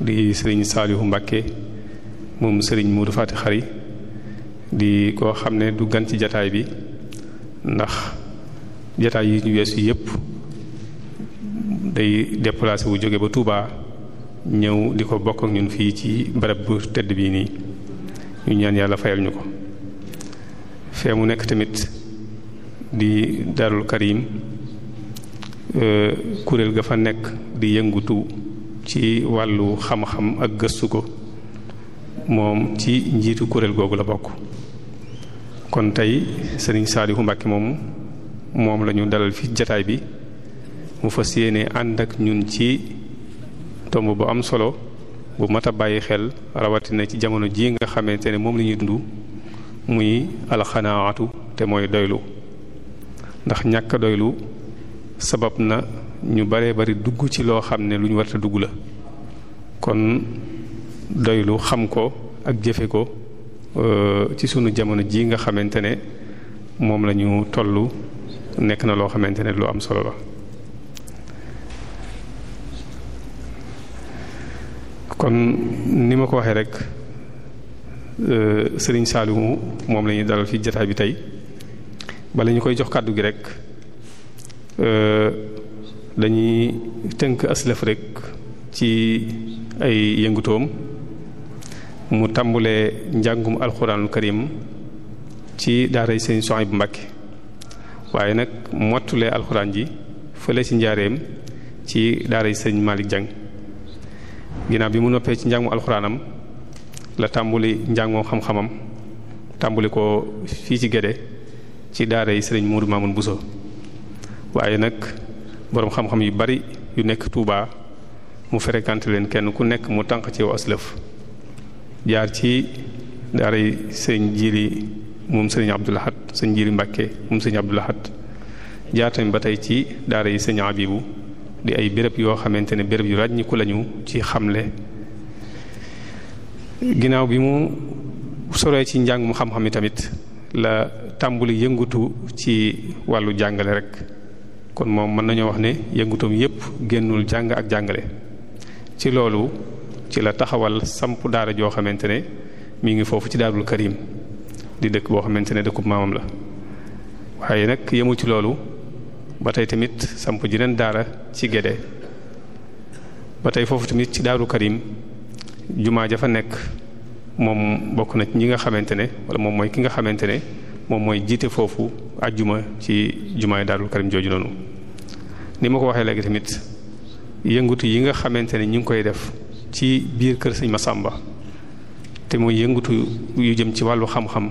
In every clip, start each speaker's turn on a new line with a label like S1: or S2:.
S1: di sëriñ Saalihu Mbàkke moom sëriñ Moodu Faati Xari di koo xam ne du gan ci jataay bi ndax jataay yi ñu yi yépp day déplacé wu jóge ba Touba ñëw di ko bokk ñun fii ci barab bu tedd bii nii ñu ñaan yàlla fayal ñu ko fee mu nekk tamit di Daarul Karim euh, kuréel ga fa nekk di yëngutu ci wàllu xam-xam ak gëstu ko moom ci njiitu kuréel googu la bokk kon tey sëriñ Saalihu Mbàkke moom moom lañu ñu dalal fi jataay bi mu fa yéene ànd ak ñun ci tomb bu am solo bu mat a bàyyi xel rawatina ci jamono ji nga xamante ne moom la ñuy dund muy alxanaatu te mooy doylu ndax ñàkk doylu sabab na ñu baree bari dugg ci loo xam ne lu ñu warta dugg la kon doylu xam ko ak jëfe ko euh, ci sunu jamono ji nga xamante ne moom la ñu tollu nekk na loo xamante ne lu am solo la kon ni ma ko waxee rek euh, sëriñ Saliou moom lañuy ñuy dalal fi jataay bi tey bala ñu koy jox kàddu gi rek euh, dañuy tënk aslëf rek ci ay yëngutoom mu tàmbulee njàngum alxuraanul karim ci daaray sëñ soxay bu Mbàkke waaye nag mottulee alxuraan ji fële ci njaareem ci daaray sëñ Malick jàng ginnaaw bi mu noppee ci njàngum alxuraanam la tàmbuli njàngum xam-xamam tàmbuli ko fii ci Gédé ci daaray yi Mourou Mamoun Bousso waaye nag boroom xam-xam yu bari yu nekk Touba mu fréquenté leen kenn ku nekk mu tànq ci aslëf jaar ci daaray sëñ Jili moom sëñ Abdou sëñ Jili Mbàkke moom sëñ Abdou Lahad jaar tamit ba tey ci daara yi sëñ Abibu di ay béréb yoo xamante ne béréb yu ràññiku lañu ci xamle ginnaaw bi mu soree ci njàngum mu xam-xam yi tamit la tàmbuli yëngutu ci wàllu jàngale rek kon moom mën nañoo wax ne yëngutoom yépp génnul jàng ak jàngale ci loolu ci la taxawal samp daara joo xamante ne mu ngi foofu ci daarul karim di dëkk boo xamante ne dëkkub maamam la waaye nag yemul ci loolu ba tey tamit samp jeneen daara ci Gédé ba tey foofu tamit ci daaru karim jumaa ja fa nekk moom bokk na ñi nga xamante ne wala moom mooy ki nga xamante ne moom mooy jiite foofu ajjuma ci jumaay daarul karim jooju noonu ni ma ko waxee léegi tamit yëngutu yi nga xamante ne ñu ngi koy def ci biir kër sëñ sàmba te muy yëngutu yu jëm ci wàllu xam-xam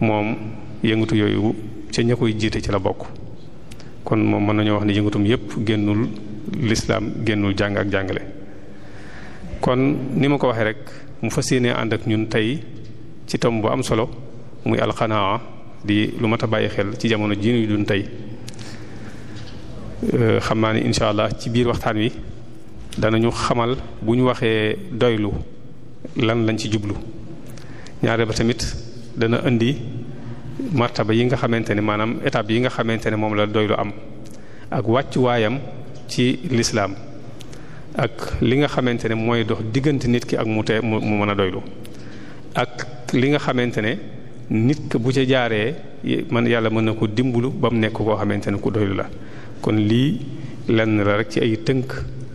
S1: moom yëngutu yooyu ca ña koy jiite ci la bokk kon moom mën nañoo wax ne yëngutum yépp génnul lislaam génnul jàng ak jàngale kon ni ma ko waxee rek mu fas yéene ànd ak ñun tey ci tom bu am solo muy alxanaa di lu mat a bàyyi xel ci jamono ji ñu dun tey Euh, xam naa ni incha allah ci biir waxtaan wi danañu xamal bu ñu waxee doylu lan lañ ci jublu ñaare ba tamit dana indi martaba yi nga xamante ne maanaam étape yi nga xamante ne moom la doylu am ak wàccuwaayam ci lislaam ak li nga xamante ne mooy dox diggante nit ki ak mu te mu mën a doylu ak li nga xamante ne nit ki bu ca jaaree man yàlla mën na ko dimbalu ba mu nekk koo xamante ne ku doylu la kon lii lenn la rek ci ay tënk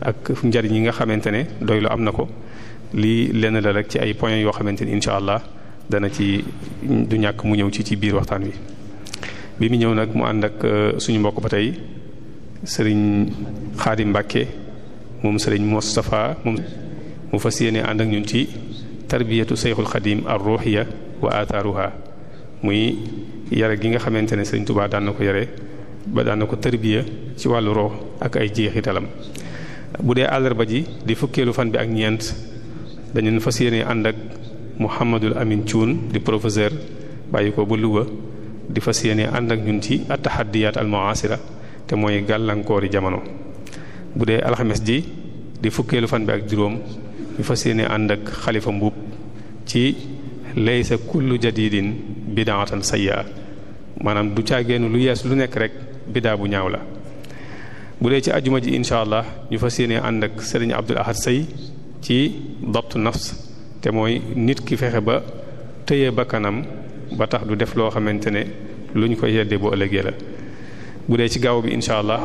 S1: ak njariñ yi nga xamante ne doylu am na ko lii lenn la rek ci ay point yoo xamante ni incha allah dana ci du ñàkk mu ñëw ci ci biir waxtaan wi bi mu ñëw nag mu ànd ak euh, suñu mbokk ba tey sëriñ Xaadim Mbàkke moom sëriñ Moustapha moom mu fas yéene ànd ak ñun ci tarbiyatu Seyxul Xadim ar-ruhiyya wa athaaruha muy yare gi nga xamante ne sëriñ Tuubaa daan na ko yare ba daan ko tërbiya ci wàllu roo ak ay jeexitalam bu dee àllarba ji di fukkeelu fan bi ak ñeent dañu fas yéene ànd ak Mouhamadul Amin Thioune di professeur bàyyi ko ba Louga di fas yéene ànd ak ñun ci at-tahaddiyaat al-mu'asira te mooy gàllankoori jamono. bu dee alxames ji di fukkeelu fan bi ak juróom ñu fas yéene ànd ak xalifa mbuub ci laysa kullu jadidin bid'atan sayyi'a maanaam du caageenu lu yees lu nekk rek. bidaa bu ñaaw la bu dee ci ajuma ji incha allah ñu fas yéene ànd ak sëriñ Abdul Ahad Sey ci dabt nafs te mooy nit ki fexe ba tëye bakkanam ba tax du def loo xamante ne lu ñu koy yeddee bu ëllëgee la bu dee ci gaaw bi incha allah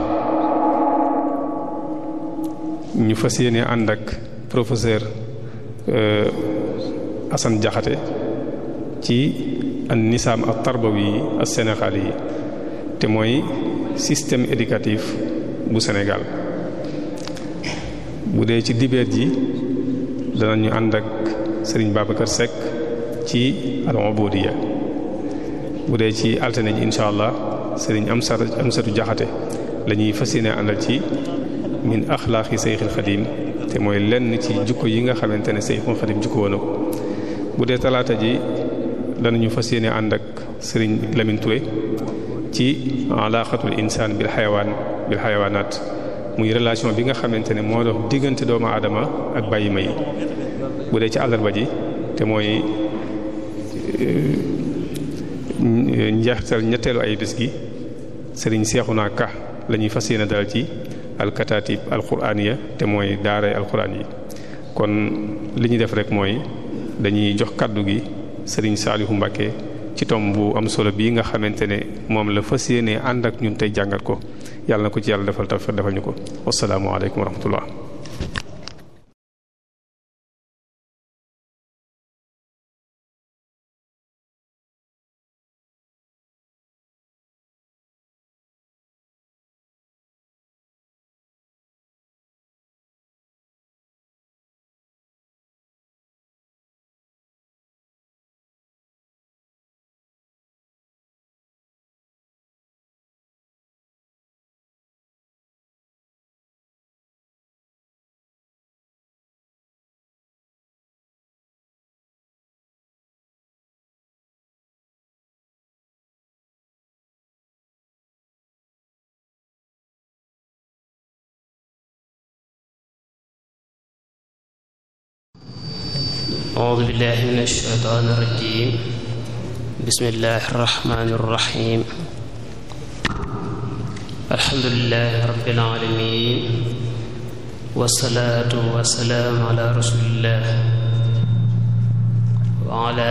S1: ñu fas yéene ànd ak professeur euh, Assane Diakhaté ci an nisaam ak tarbawi yi ak Sénégal yi te mooy système éducatif bu Sénégal bu dee ci dibeer ji danañu ànd ak Serigne Babacar Seck ci al-Ubudiyya bu dee ci altine ji incha allah Serigne Amsatu Amsatu Jaxate la ñuy fas yéene àndal ci min axlaaqi Seyxul Xadiim te mooy lenn ci jukko yi nga xamante ne Seyxul Xadiim jukko ko bu dee talaata ji danañu fas yéene ànd ak Serigne Lamine ci alaqatul insaan bil xayawaan bil xayawaanaat muy relation bi nga xamante ne moo dox diggante doomu aadama ak bàyyi ma yi bu dee ci àllarba ji te mooy eh, njeextal ñetteelu ay bés gi sëriñ Seexuna Ka la fas yéene daal ci alkataatib alquraaniya te mooy daara alquraan yi kon li ñu def rek mooy dañuy jox kàddu gi sëriñ Saalihu Mbàkke ci tom bu am solo bii nga xamante ne moom la fas yéenee ànd ak ñun tey jàngat ko
S2: yàlla na ko ci yàlla defal tawfiq defal ñu ko wasalaamualeykum wa rahmatullah
S3: أعوذ بالله من الشيطان الرجيم بسم الله الرحمن الرحيم الحمد لله رب العالمين والصلاة والسلام على رسول الله وعلى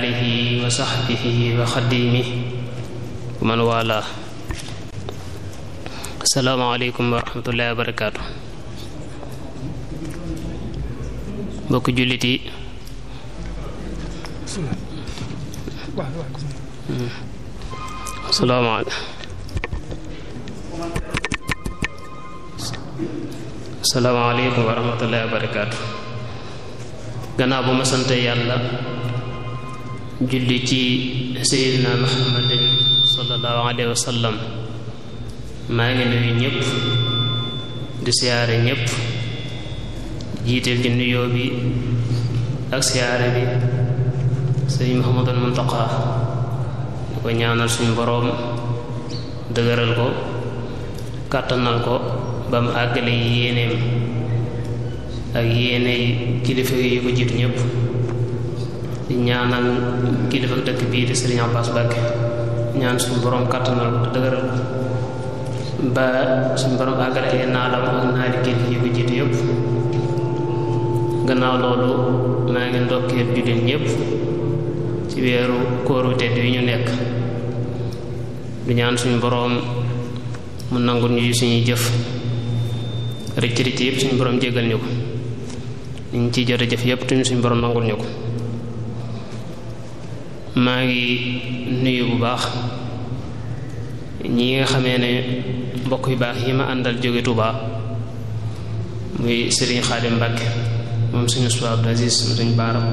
S3: آله وصحبه وخديمه ومن والاه السلام عليكم ورحمة الله وبركاته mbokk jullit yi asalaamaaleykum wa rahmatullahi wa barakaatu gannaaw bu ma sant yàlla julli ci seydina muhammadin sallallahu alayhi wa sallam maa ngi nuyu ñëpp di siyaare ñëpp jiital ci nuyoo bi ak siyaare bi sëriñ Muhammadul Muntaqa di ko ñaanal suñu boroom dëgëral ko kàttanal ko ba mu àggale yéeneem ak yéeney kilifa yi ko jiitu ñëpp di ñaanal kilifa dëkk bii di sëriñ Abbas Mbàkke ñaan suñu boroom kàttanal ko te dëgëral ko ba suñu boroom àggale ay naalam ak naari kilifa yi ko jiitu yëpp gannaaw loolu maa ngi ndokkee jullit ñëpp ci weeru kóoru tedd wi ñu nekk du ñaan suñu boroom mu nangu ñu suñuy jëf rëcc rëcc yépp suñu boroom jéggal ñu ko ñu ngi ciy jot a jëf yépp tuñ suñu boroom nangul ñu ko maa ngi nuyu bu baax ñi nga xamee ne mbokk yu baax yi ma àndal jóge Tuubaa muy Serigne Xaadim Mbàkke moom suñu Abdou Aziz mu suñu baaram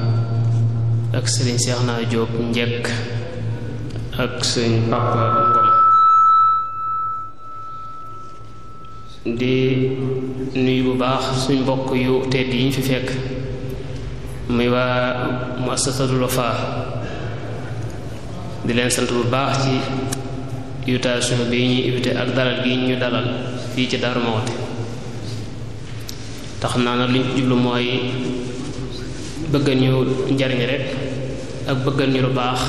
S3: ak sëriñ seex naa jóob njekk ak sëriñ papa di nuyu bu baax suñ mbokk yu tedd yi ñu fi fekk muy waa muassasatul Wafa di leen sant bu baax ci invitation bi ñuy invité ak dalal gi ñu dalal fii ci Darou Moukhty te naa nag luñ jublu mooy bëggal ñu njariñ rek ak bëggal ñu lu baax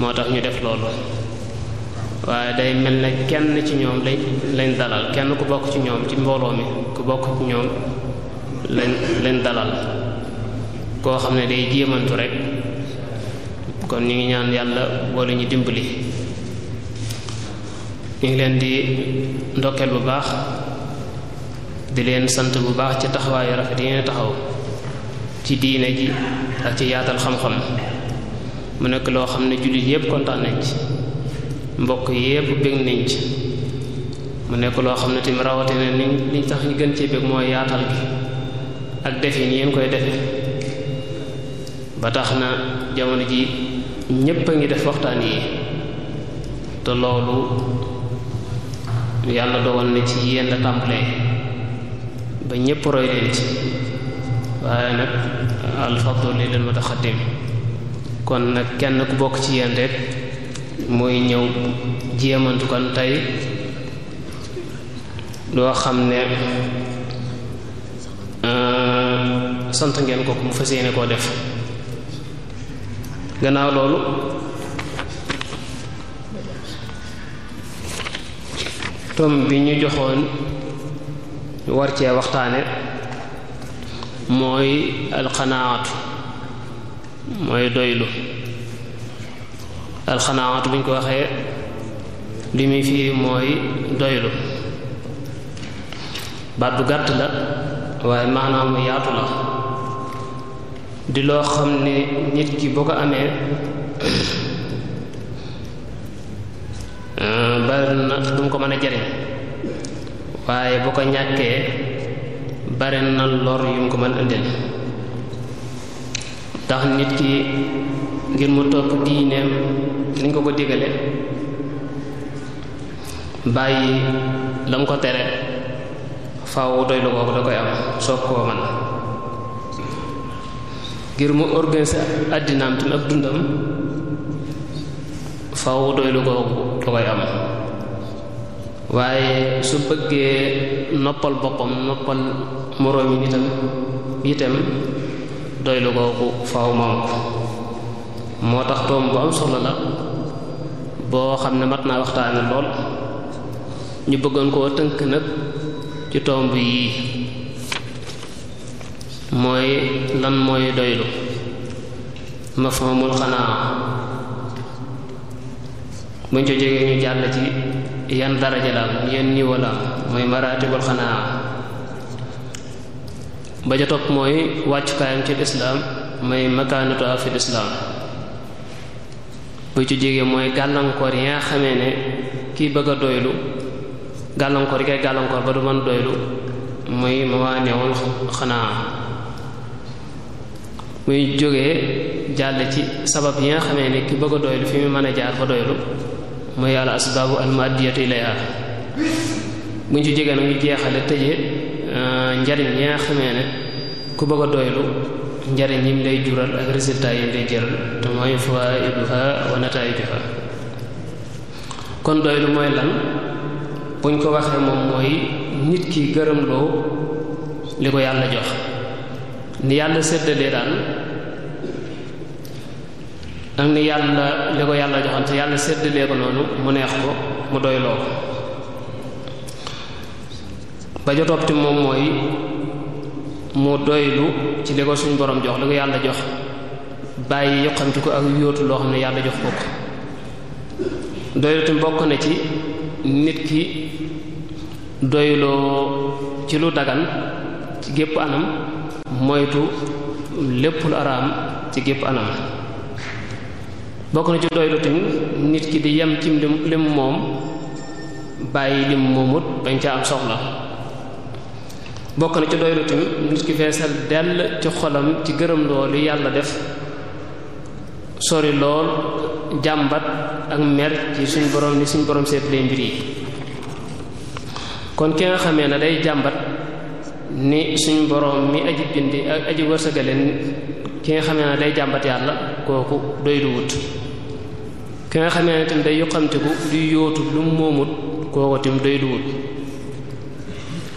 S3: moo tax ñu def loolu waaye day mel ne kenn ci ñoom lañ lañ dalal kenn ku bokk ci ñoom ci mbooloo mi ku bokk ci ñoom lañ lañ dalal koo xam ne day jéemantu rek kon ñu ngi ñaan yàlla boole ñu dimbali ñu ngi leen di ndokkeel bu baax di leen sant bu baax ci taxawaayu rafet yi taxaw ci diine ji ak ci yaatal xam-xam mu nekk loo xam ne jullit yépp kontaan nañ ci mbokk yépp bég nañ ci mu nekk loo xam ne tamit rawatina ni liñ tax ñu gën cee bég mooy yaatal gi ak defin yéen koy defe ba tax na jamono ji ñépp a ngi def waxtaan yi te loolu yàlla dogal na ci yéen la ba ñépp roy leen ci waaye nag alfadlu lil mutaqaddim kon nag kenn ku bokk ci yéen rek muy ñëw jéemantu kon tey loo xam ne euh, sant ngeen ko mu fas yéene koo def gannaaw loolu tom bi ñu joxoon war cee waxtaane mooy alxanaatu mooy doylu alxanaatu buñ ko waxee li muy fii mooy doylu baat bu gàtt la waaye maanaam yaatu la di loo xam ne nit ki boo ko amee bari du mu ko mën a jariñ waaye bu ko ñàkkee bare na lor yum ko mën indil tax nit ki ngir mu topp diineem niñ ko ko digale bàyyi la mu ko tere faaw doy lu kooku da koy am soog koo man ngir mu organiser àddinaam tam ak dundam faaw doy lu kooku da koy am waaye su bëggee noppal boppam noppal moroomi nitam itam doylu googu faaw moom ko moo tax doom bu am solo la boo xam ne mat naa waxtaane lool ñu bëggoon koo tënk nag ci tomb yii mooy lan mooy doylu mafhumul xanaa buñ ca jógee ñu jàll ci yan daraja la am yan niveau la am mooy maratibul xanaa ba ja topp mooy wàccukaayam ci lislaam mooy makaanatu fi bu ci jege mooy gàllankoor yi nga xamee ne kii bëgg a doylu gàllankoor yi kay gàllankoor ba du mën doylu muy mawaaneewul xanaa muy jógee jàll ci sabab yi nga xamee ne ki bëgg doylu fi mu mën a jaar ba doylu mooy al asbaabu al muaddiyatu ilayha buñ ci jege nag ñu jeexale tëje euh, njariñ ñi xamee ne ku bëgg a doylu njariñ yi mu lay jural ak résultat yi mu lay jëral te mooy fawaa'iduha wa nataa'ijuha kon doylu mooy lan buñ ko waxee moom mooy nit ki gërëm loo li ko yàlla jox ni yàlla séddalee daal danga ni yàlla li ko yàlla joxoon te yàlla séddalee ko noonu mu neex ko mu doy loo ko ba ja topp moom mooy mu doylu ci li ko suñ borom jox li ko yàlla jox bàyyi yoqamti ko ak yóotu loo xam ne yàlla jox ko ko doylu tam bokk na ci nit ki doyloo ci lu dagan ci gépp anam moytu lépp lu araam ci gépp anam bokk na ci doylu nit ki di yem ci lim moom bàyyi lim moomut bañ ca am soxla bokk na ci doylu nit ki feesal dell ci xolam ci gërëm loolu yàlla def sori lool jàmbat ak mer ci suñ borom ni suñ borom seetlee mbir yi kon ki nga xamee ne day jàmbat ni suñ borom mi aji bindi ak aji wërsëgale ki nga xamee ne day jàmbat yàlla kooku doyluwut ki nga xamee ne tam day yuqamtiku di yóotu lu mu moomut kooku tam doyluwut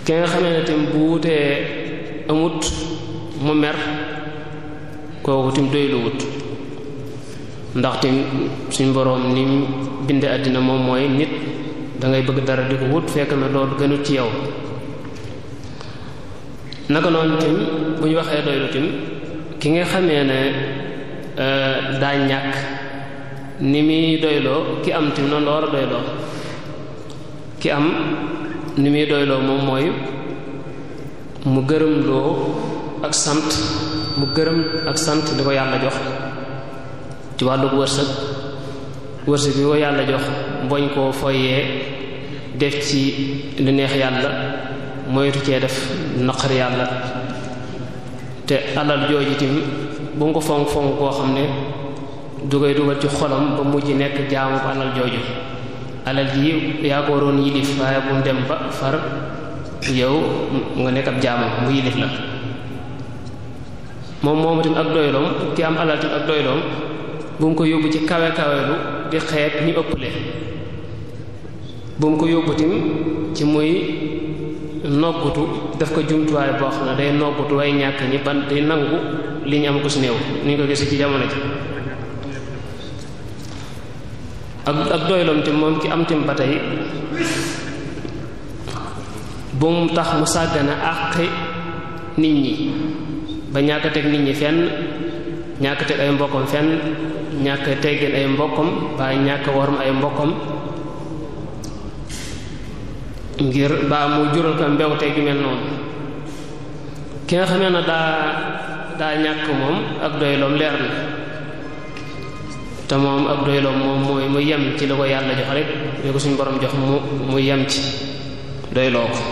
S3: ki nga xamee ne tam bu wutee amut mu mer kooku tam doyluwut ndax tam suñ boroom ni binde àddina moom mooy nit dangay bëgg dara di ko wut fekk na loolu gënut ci yow naka noonu tam bu ñu waxee doylu ki nga xamee ne Euh, daa ñàkk ni muy doyloo ki am tim noonu la war a doyloo ki am ni muy doyloo moom mooy mu gërëm loo ak sant mu gërëm ak sant di ko yàlla jox ci wàllu wërsëg wërsëg bi ko yàlla jox boñ koo foyee def ci lu neex yàlla moytu cee def naqar yàlla te alal jooju tamit bu nga ko fonk fonk koo xam ne dugay dugal ci xolam ba mujj nekk jaamu ba alal jooju alal ji yaa ko waroon yilif waaye bu mu dem far yow nga nekk ab jaamu mu yilif la moom moomu tam ak doyloom ki am alal tam ak doyloom bu mu ko yóbbu ci kawe kawelu di xeet ñu ëppale bu mu ko yóbbu ci muy noggutu def ko jumtuwaay boo xam ne day noggutu way ñàkk ñi ban day nangu li ñu am ko si néew ni ñu ko gisee ci jamono ji ak ak doyloom tim moom ki am tim ba tey bu tax mu sàggana àqi nit ñi ba ñàkk teg nit ñi fenn ñàkk ay mbokkam fenn ñàkk teggin ay mbokkam waaye ñàkk worm ay mbokkam ngir baa mu jural ko mbewte gi mel noonu ki xamee na daa daa ñàkk moom ak doyloom leer na te moom ak doyloom moom mooy mu yem ci li ko yàlla jox rek li ko suñu boroom jox mu mu yem ci doyloo ko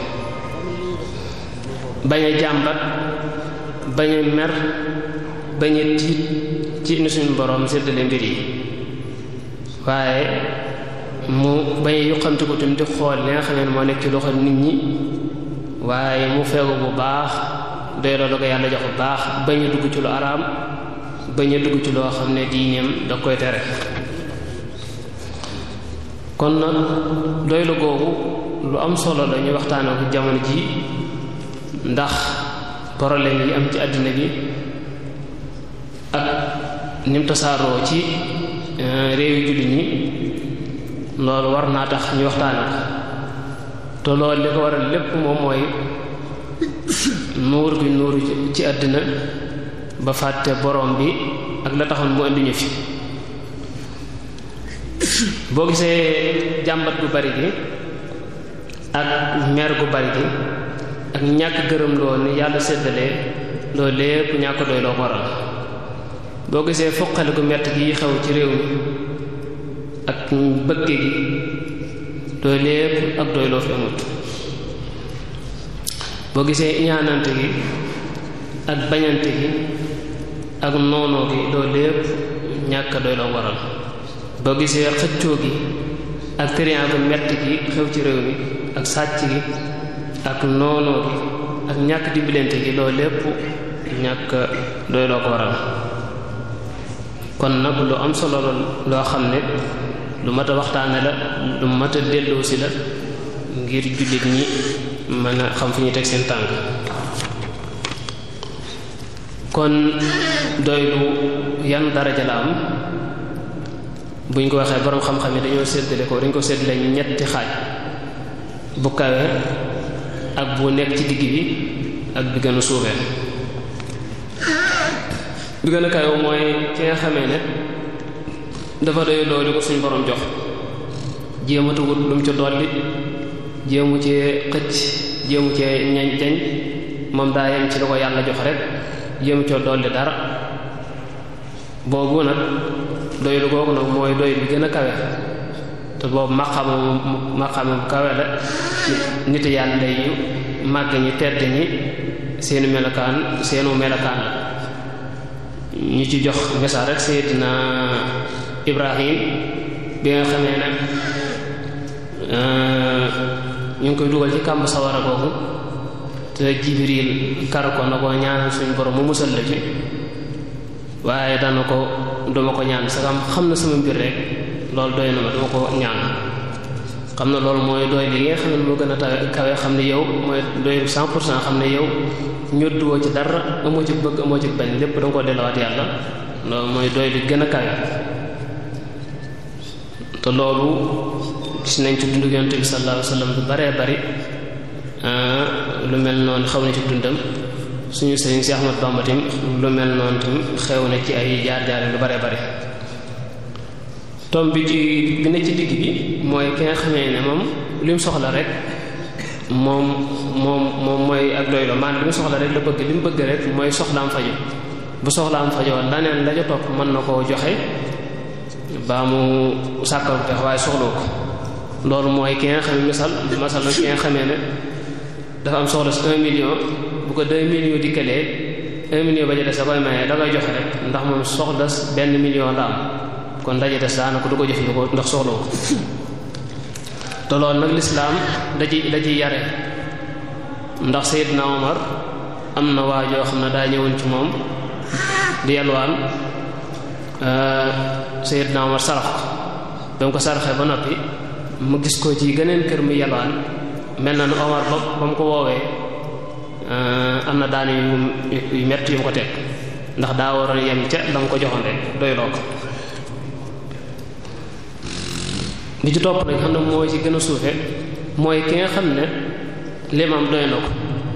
S3: bañ a jàmbat bañ a mer bañ a tiit ci ni suñu borom séddale mbir yi waaye mu bañ a yuqamti ko tamit di xool li nga xam ne moo nekk ci loxo nit ñi waaye mu feewu bu baax doy loolu ko yàlla jox bu baax bañ a dugg ci lu araam bañ dugg ci loo xam ne diineem da koy tere kon na doy lu googu lu am solo la ñu jamono ji ndax problème yi am ci àddina bi ak nim tasaaroo ci eh, réew yu jullit ñi loolu war naa tax ñu waxtaan ko te loolu li ko waral lépp moom mooy nuur gi nuuru ci àddina ba fàtte borom bi ak la taxoon mu indi ñu fi boo gisee jàmbat gu bari gi ak mer gu bari gi ak ñàkk gërëm loo ni yàlla séddalee loolu lépp ñàkk doy loo ko waral boo gisee fuqale gu mett gi xew ci réew mi ak bëgge gi doy lépp ak doy loo fi amut boo gisee iñaanante gi ak bañante gi ak noonoo gi loolu lépp ñàkk doy waral boo gisee xëccoo gi ak triangle metti gi xew ci réew mi ak sàcc gi ak noonoo gi ak ñàkk dimbalante gi loolu lépp ñàkk doy waral kon nag lu am solo loo xam ne lu mat a waxtaane la lu mat a delloo si la ngir jullit ñi mën a xam fi ñu teg seen tànk kon doylu yan daraja la am buñ ko waxee boroom xam-xam yi dañoo séddale ko dañ ko séddale ñetti xaaj bu kawe ak bu nekk ci digg bi ak bi gën a bi gën a kawe mooy ki xamee ne dafa doy loolu ko suñu borom jox jéematu lu mu ci dolli jéemu cee xëcc jéemu cee ñañ jañ moom daa ci la ko yàlla jox rek jéemu cee dolli dara boobu nag doylu googu nag mooy doy bi gën a kawe te boobu maqaama maqaama bu kawe la nit yàlla yu màgg ñi tedd ñi seenu melokaan seenu melokaan la ñu ci jox message rek seydina Ibrahim bi nga xamee nag euh, ñu ngi koy dugal ci kàmb sawara kooku te Jibril kar ko na ko ñaanal suñu borom mu musal la ci waaye dana ko duma ko ñaan sax xam na sama mbir rek loolu doy na ma duma ko ñaan xam na loolu mooy doy li nga xam ne moo gën a tawe xam ne yow mooy doy cent pour cent xam ne yow ñoddu woo ci dara amoo ci bëgg amoo ci bañ lépp da koo delluwaat yàlla loolu mooy doy li gën a kawe te loolu gis nañ ci dundu bi sallallahu alayhi bu baree bari ah, lu mel noonu xew ci dundam suñu sëriñ si Ahmad Bamba tam lu mel noonu tam xew na ci ay jaar-jaar lu baree bari tom bi ci bi ne ci digg bi mooy ki xamee ne moom li mu soxla rek moom moom moom mooy ak doy la maanaam mu soxla rek la bëgg li mu bëgg rek mooy soxlaam fajo bu soxlaam fajo laneen la ca mën na koo joxe baa mu sàkkal tax waaye soxloo ko loolu mooy ki nga xam ne misal na ki nga ne dafa am soxla si un million bu ko deux millions dikkalee un million ba ja des da koy mayee da koy joxe rek ndax moom benn million la kon la ja des daanaka ko jëfandikoo ndax soxloo ko te loolu nag lislaam da ci ci yare ndax Seydina Omar am na waa joo xam ne daa ñëwoon ci moom di yalwaan euh, Seydina Omar sarax ko ba mu ko saraxee ba noppi mu gis ko ci geneen kër mu yalwaan mel na nu Omar ba ba mu ko woowee eh, am na daani yu metti yu mu ko teg ndax daa waroon yem ca la ko joxoon rek doyloo ko li ci topp nag xam ne mooy ci gën a suufe mooy ki nga xam ne limam doy ko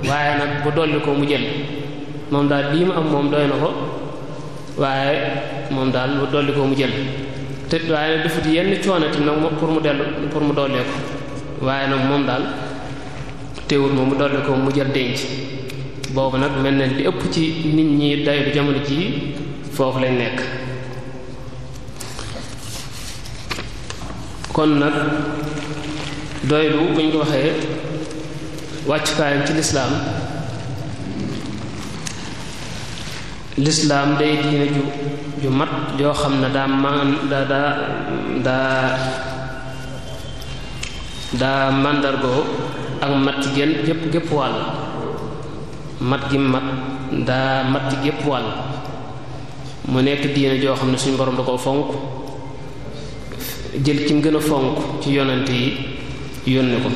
S3: waaye nag bu dolli ko mu jël moom daal lii mu am moom doy ko waaye moom daal lu dolli ko mu jël te waaye nag defut yenn coono itam nag moom pour mu dellu pour mu dollee ko nag moom daal teewul moom mu dolli ko mu jël denc boobu nag mel na li ëpp ci nit ñi dayu jamono jii foofu lañ nekk kon nag doylu buñ ko waxee wàccukaayam ci lislaam lislaam day diine ju ju mat joo xam ne daa man daa daa daa daa ak mat ci génn gépp gépp wàll mat gi mat daa mat ci gépp wàll mu nekk diine joo xam ne suñu borom da koo fonk jël ci mu gën a fonk ci yonante yi yónni ko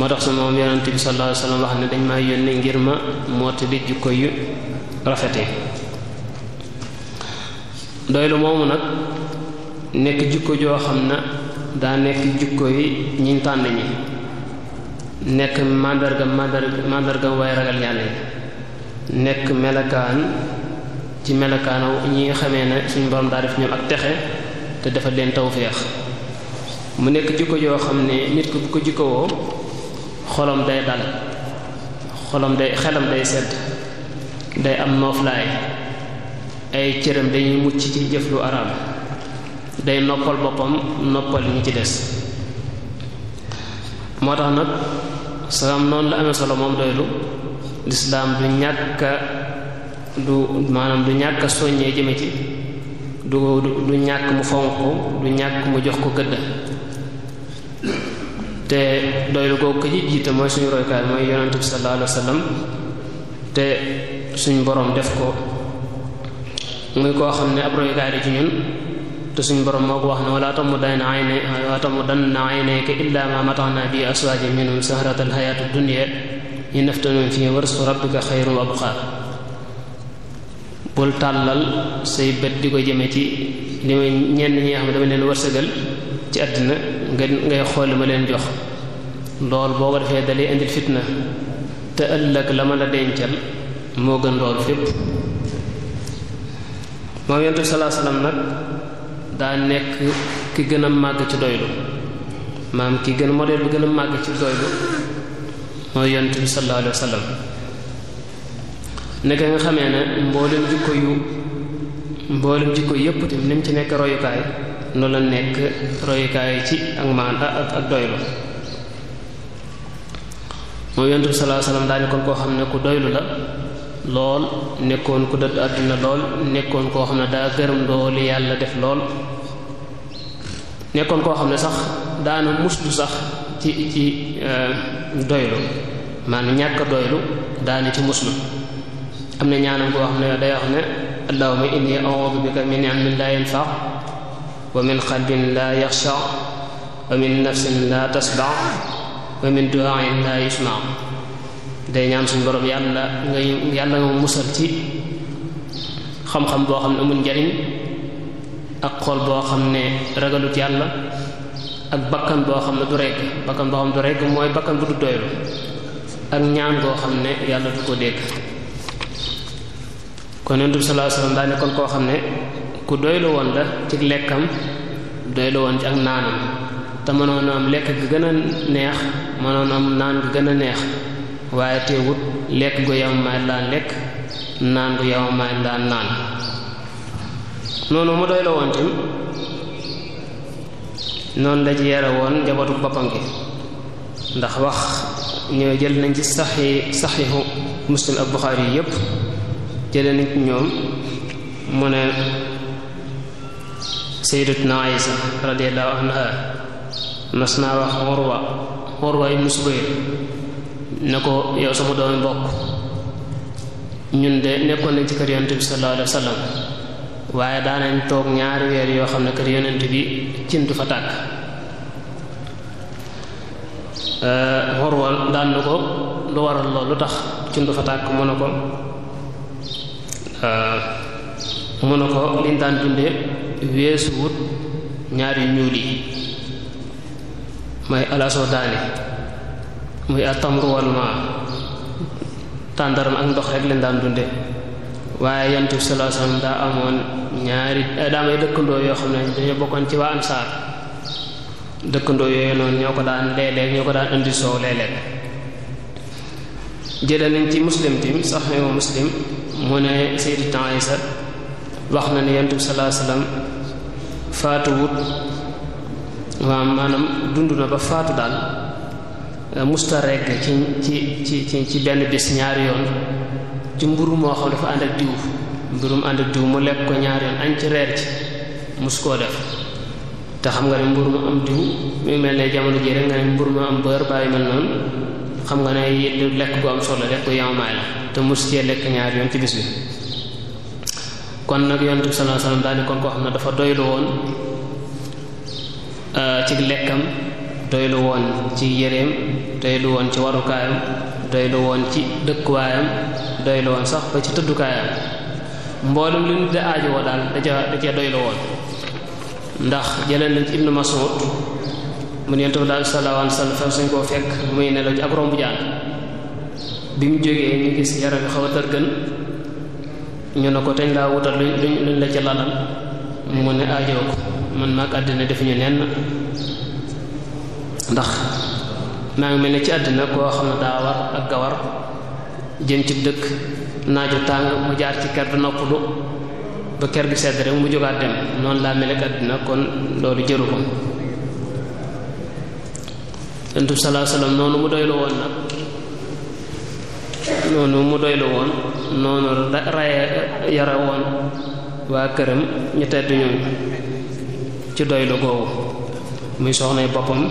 S3: moo tax sama moom yonante bi sallallahu alayhi wax ne dañ maa yónni ngir ma mottali jikko yu rafetee doylu moomu nag nekk jikko joo xam ne daa nekk jikko yi ñiñ tànn ñi nekk màndarga màndarga way ragal yàlla yi nekk melokaan ci melokaanaw ñi nga xamee ne suñu borom daa def ñoom ak texe te dafa leen tawféex mu nekk jikko joo xam ne nit ku bu ko jikkowoo xolam day dal xolam day xelam day sedd day am nooflaay ay cëram dañuy mucc ci jëf lu araam day noppal boppam noppal ñi ci des moo tax nag salaam noonu la amee solo moom doylu lislaam du ñàkka du maanaam du ñàkk a soññee jëme ci du du ñàkk mu fonk du ñàkk mu jox ko gëdd te doylu googu ko jiite mooy suñu roykaay mooy yonente bi sallallahu alayhi wasallam te suñu boroom def ko muy koo xam ne ab royukaay ci ñun te suñu borom moo ko wax ne wala tamu dayna ayna wala tamu danna aynayka illa ma mata'na bi aswaaja minhum sahratal hayatud dunya linaftinahum fihi wa rizqu rabbika xayrun wa abqa bul tàllal say bët di ko jëme ci li may ñenn ñi xam ne dama leen wërsëgal ci àddina nga ngay xool ma leen jox lool boo ko defee dalay indil fitna te ëllëg la ma la dencal moo gën loolu fépp moom yonent bi sallallahu alayhi nag daa nekk ki gëna màgg ci doylu maam ki gën a bi gën a màgg ci doylu mooy yonent bi sallallahu alayhi wasallam nekk nga xamee ne mboolem jikko yu mboolem jikko yépp tamit ni mu ci nekk royukaay noonu la nekk royukaay ci ak maan ak ak doylu mooy yonent bi sallallahu alayhi koo xam ne ku doylu la lool nekkoon ku dëdd àdduna lool nekkoon koo xam ne daa gërëm dooli yàlla def lool nekkoon koo xam ne sax daana muslu sax ci ci euh, doylu maanaam ñàkk doylu daana ci muslu am na ñaanam koo xam ne day wax ne allahumma inni a'udhu bika min ilmin la yanfa wa min qalbin la yakhsha wa min nafsin la tasba wa min du'a'in la yusma day ñaan suñu borom yàlla ngay yàlla nga musal ci xam-xam boo xam ne amul njariñ ak xool boo xam ne ragalut yàlla ak bakkan boo xam ne du regg bakkan boo xam ne du regg mooy bakkan bu du doylu ak ñaan goo xam ne yàlla du ko dégg kon yonent bi sallallahu alayhi wasallam daa nekkoon koo xam ne ku doylu woon la ci lekkam doylu woon ci ak naanam te mënoon am lekk gi gën a neex mënoon am naan gi gën a neex waaye teewut lekk gu yamamaay daan lekk naan gu yamamaay daan naan noonu mu doy la woon tamit noonu la ci yara woon njabootu boppam gi ndax wax ñoo jël nañ ci saxi saxiixu muslim ak buxaari yi yépp jële nañ ci ñoom mu ne sayyidatuna Aysa radiyallahu anha mas naa wax Urwa Urwa ibn Zubayr ne ko yow sama doomi bokk ñun de nekkoon nañ ci kër yonent bi sallallahu alayhi wa waaye daanañ toog ñaari weer yoo xam ne kër yonent bi cin du fa tàkk xorwal euh, daan ko lu waral lool lu tax cin du fa tàkk mu ne ko euh, mu ne ko liñ daan dunde weesu wut ñaari ñuul yi may alasoo daane muy atamru wal maa tàndaram ak ndox rek leen daan dunde waaye yonent bi sallallahu alayhi daa amoon ñaari eh, daa may dëkkandoo yoo xam ne dañoo bokkoon ci waa ansaar dëkkandoo yooyu noonu ñoo ko daan léeg-léeg ñoo ko daan indi soow léeg-léeg nañ ci muslim tim sax ma muslim mu ne Sayyidatu Aïsa wax na ne yonent bi sallallahu alayhi wasallam faatuwut maanaam dund na ba faatu daal Euh, musta regg ci ci ci ci benn bis ñaari yoon ci mburu moo xam dafa ànd ak diw mburum ànd ak diw mu lekk ko ñaari yoon añ ci reer ci mus koo def te xam nga ne mburu mu am diw muy mel ne jamono ji rek nga ne mburu mu am bër bàyyi mel noonu xam nga ne lekk gu am solo lekk gu yamamaay la te mus cee lekk ñaari yoon ci bis bi kon nag yonent bi sallallahu alayhi wasallam kon koo xam ne dafa doylu woon euh, ci lekkam doylu woon ci yéreem doylu woon ci warukaayam doylu woon ci dëkkuwaayam doylu woon sax ba ci tëddukaayam mboolum lu nit da aajo woo daal da ca doylu woon ndax jëlee nañ ci Ibnu Mas'ud mu neen taf daal sallallahu alayhi wasallam suñ koo fekk muy nelaw ci ab rombu jaan bi mu jógee ñu gis yaram xaw a dërgën ñu ne ko teñ laa wutal luñ luñ la ca mu ne aajoo ko man maag àddina defuñu nenn ndax maa ngi mel ne ci àddina koo xam ne daa ak gawar jëm ci dëkk naaju tàng mu jaar ci ker du noppalu ba ker gi sedd rek mu jógaat dem noonu laa mel ak àddina kon loolu jëru ko yonent bi sallallahu wasallam noonu mu doylu woon nag noonu mu doylu woon noonu raye yare woon waa këram ñu tedd ñoom ci doylu googu muy soxnay boppam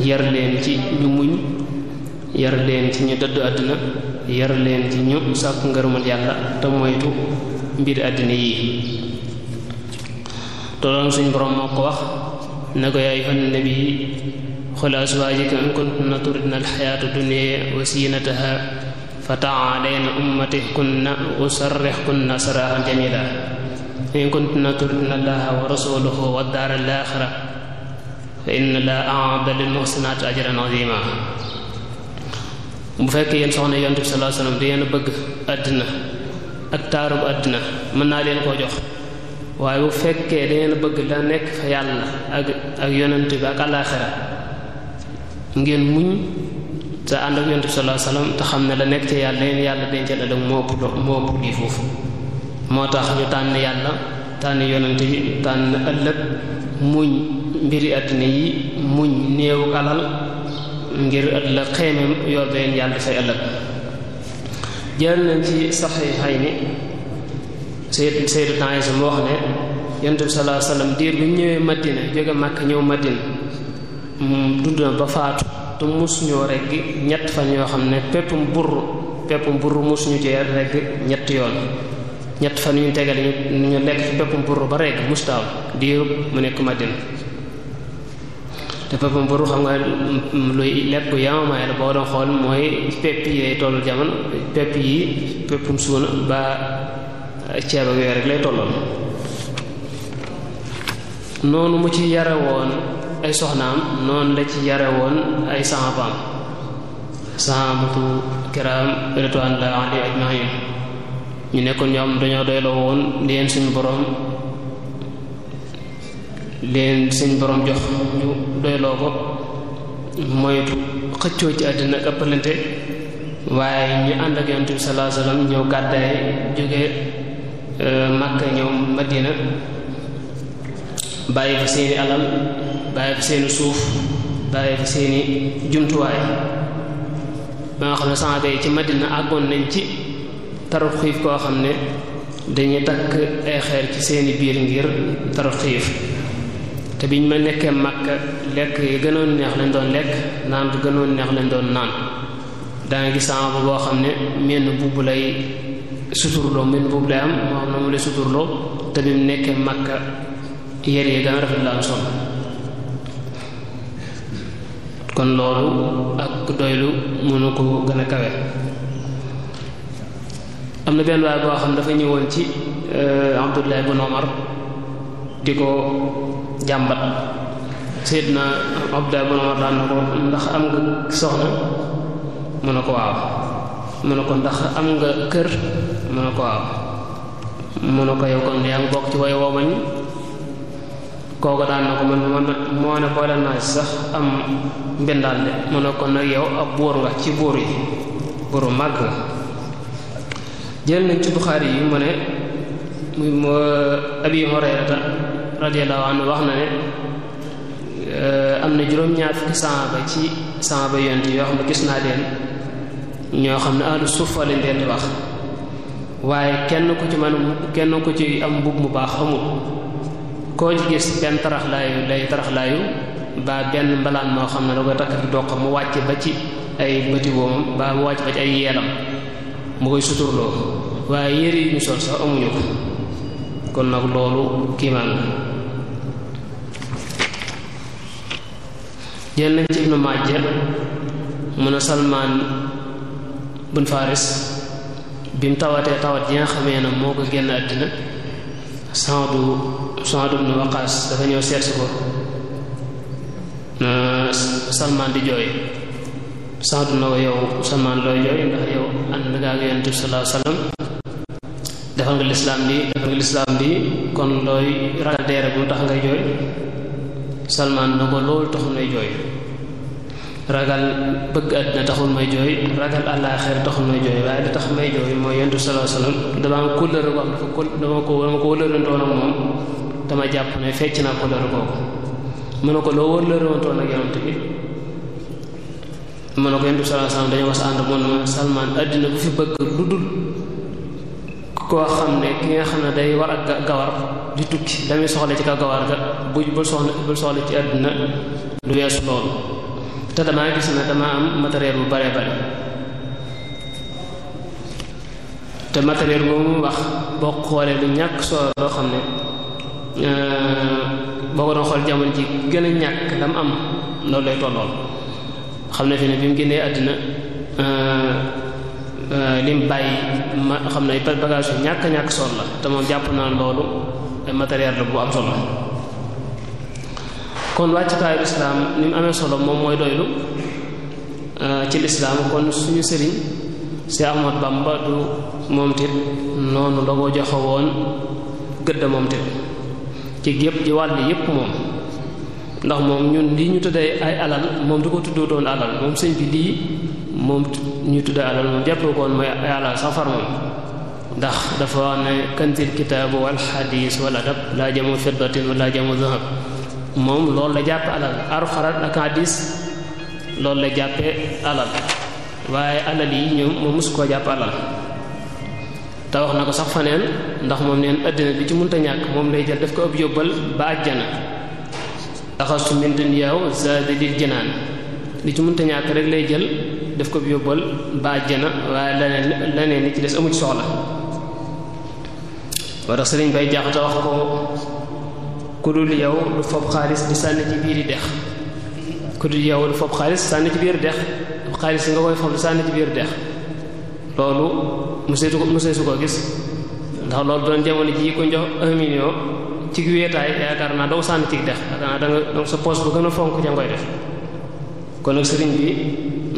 S3: yar leen ci ñu muñ yar leen ci ñu dëddu àdduna yar leen ci ñu sàkku ngërëmal yàlla te moytu mbir àddina yi toloon suñ borom moo ko wax na ko yaa ayyuhan nabi xul azwaajika in kuntunna turidna alxayaata dunya wa zinataha fa ta'aalayna ummatikunna wa sarrihkunna saraahan jamila in kuntunna turidna allaha wa rasulahu wa daara al fa inna la a'adda lil muhsinaati ajran azima bu fekkee yéen soxna yonent bi sallallahu alayhi bëgg àddina ak taarub àddina mën naa leen koo jox waaye bu fekkee da bëgg la nekk fa yàlla ak ak yonent bi ak àllaaxira ngeen muñ te ànd ak yonent bi sallallahu te xam ne la nekk ci yàlla leen yàlla dencal ëllëg moo ëpp moo ëpp lii foofu moo tax ñu tànn yàlla tànn yonent bi tànn ëllëg muñ mbiri àddina yi muñ néewu alal ngir la xeemeem yool ba leen yàlla dafay ëllëg jël nañ ci saxiixay ni Seydou Seydou Taïs mu wax ne yonent bi sallallahu diir bu ñëwee Madina jóge Makka ñëw Madina dund na ba faatu te mus rekk ñett fan yoo xam ne pepp mburu pepp mburu mus ñu rekk ñett yoon ñett fan yu ñu tegale ñu ñu lekk fi bépp mburu ba rekk mustaaw diirub mu nekk Madina te bépp mburu xam nga luy lekk bu yamamaay la boo doon xool mooy pepp yi tollu jamono pepp yi peppum suuna ba ceeb ak yooyu rek lay tolloon noonu mu ci yare woon ay soxnaam noonu la ci yare woon ay sahabaam sahabatu kiram ridwanullah alayhim ajma'in ñu nekkoon ñoom dañoo doyloo woon leen suñu borom leen suñu borom jox ñu doyloo ko moytu xëccoo ci àddina ak ëppalante waaye ñu ànd ak yonent bi sallallahu alayhi wasallam ñëw gàddaay jóge euh, Makka ñëw Madina bàyyi fa seeni alal bàyyi fa seeni suuf bàyyi fa seeni jumtuwaay ba nga xam ne saxaaba ci Madina àggoon nañ ci tarut xiif koo xam ne dañuy takk ay xeer ci seeni biir ngir tarut xiif te biñ ma nekkee Makka lekk yi gënoon neex lañ doon lekk naan bu gënoon neex lañ doon naan danga gis sama boo xam ne menn buubu lay suturloo menn buubu lay am moo xam ne mu lay suturloo te bi mu nekkee Makka yére yi gën a rafet la am solo kon loolu ak doylu mënu ko gën a kawe am na benn waay boo xam dafa ñëwoon ci euh, Abdullah ibn Umar di ko jàmbat Seydina Abdullah ibn Umar daan na ko ndax am nga soxna mu ne ko waaw mu ne ko ndax am nga kër mu ne ko waaw mu ne ko yow kon yaa ci way woomañ kooku daan na ko man man moo ne boole naa sax am mbindal de mu ne ko nag yow ab buur nga ci buur yi buuru màgg nga jël nañ ci Buxaari yi mu ne muy mu Abi Hurayrata radiyallahu anhu wax na ne euh, am na juróom-ñaar fukki saaba ci saaba yonent yoo xam ne gis naa leen ñoo xam ne ahlu suufa lañ leen di wax waaye kenn ku ci man kenn ku ci am mbubb mu baax amul koo ci gis benn taraxlaayu lay taraxlaayu ba benn mbalaan moo xam ne da koy takk ci doq mu wàcc ba ci ay bëti ba mu wàcc ba ci ay yeelam mu koy suturloo waaye yére yi ñu sol sax amuñu ko kon nag loolu kiimaan la jël nañ ci ibnu majja mu ne salmaan bun faris bi mu tawatee tawat yi nga xamee na moo ko génn àddina Saadu Saadu ibnu Waqaas dafa ñëw seetsi ko Salmaan di jooy sax du na ko yow sa mandoo yooyu ndax yow ànd nga ak yonent bi sallallahu alayhi defal nga lislaam bi defal nga lislaam bi kon looy ragal dee rek lu tax ngay jooy salmaan na ko loolu taxul may jooy ragal bëgg àddina taxul jooy waaye li tax may jooy mooy yonent bi sallallahu alayhi wasallam dama am kóllëre dafa ko dama ko wëllërantoon ak moom dama jàpp ne fecc naa kóllëre kooku mën na ko loo wëllërantoon ak yonent bi mu ne ko yonent bi sallallahu alayhi wasallam dañoo mas ànd mun ma Salman àddina bu fi bëgg lu dul koo xam ne ki nga xam ne day war ak gawar di tukki damay soxla ci ka gawar ga bu bul soxla bul soxla ci àddina du weesu loolu te damaa gis ne damaa am matériel bu bare bare te matériel boobu wax boo xoolee ñàkk solo loo xam ne euh, boo ko doon xool jamono ji gën a ñàkk dam am loolu lay tollool xam na fi ne bi mu génnee àddina euh, euh, lim bàyyi xam ne bagage yu ñàkk ñàkk sol la te moom jàpp naa loolu matériel la bu am solo kon wàccukaayu lislaam ni mu amee solo moom mooy doylu euh, ci lislaam kon suñu sëriñ si Ahmad Bamba du moom tit noonu la ko joxe woon gëdd moom tit ci gépp ci wàll yépp moom ndax moom ñun lii ñu tuddee ay alal moom du ko tuddootoon alal moom sëñ bi lii moom ñu tuddee alal moom jàppee ko mooy alal sax far moom ndax dafa wax ne kantil kitaabu wal xadiis wal adab laa jamu fiddatin wala jamu zahab moom lool la jàpp alal alxuraan ak hadiis loolu la jàppee alal waaye alal yi ñoom moom mosu koo jàpp alal te wax na ko sax faneen ndax moom neen àddina bi ci munta ñàkk moom lay jël daf ko ëpp yóbbal ba àjjana axastu min duniyaaw zaadi lil janaan li ci mënta ñàkk rek lay jël daf ko yóbbal ba na waaye laneen laneen ni ci des amu ci soxla war a sëriñ bay jaaxata wax ko ku dul yow du fob xaalis di sànni ci biir dex ku dul yow du fob xaalis sànni ci biir dex xaalis yi nga koy fob di sànni ci biir dex loolu mëseetu ko ko gis ndax loolu doon jamono ji ko jox un ci wéetaay yaakaar naa doo sànni ci def yaakaar naa da nga da nga sa poche bu gën a fonk ca ngoy def kon nag sëriñ bi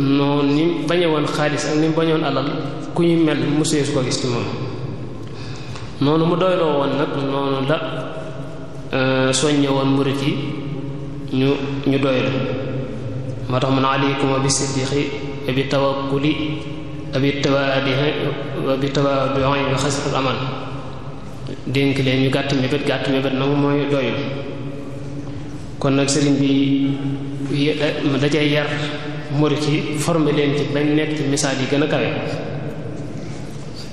S3: noonu ni mu bañe woon xaalis ak ni mu bañoon alal ku ñu mel musée su ko gis ci moom noonu mu doyloo woon nag noonu la euh, soññe woon murit yi ñu ñu doylu moo tax mun aleykum abi siddiqi abi tawakkuli abi tawaadi abi tawaadi bi xasfil amal dénk leen ñu gàtt mébét gàtt mébét nag mooy doyul kon nag sëriñ bi eh, dajay yar murit yi former leen ci bañ nekk ci misaal yi gën a kawe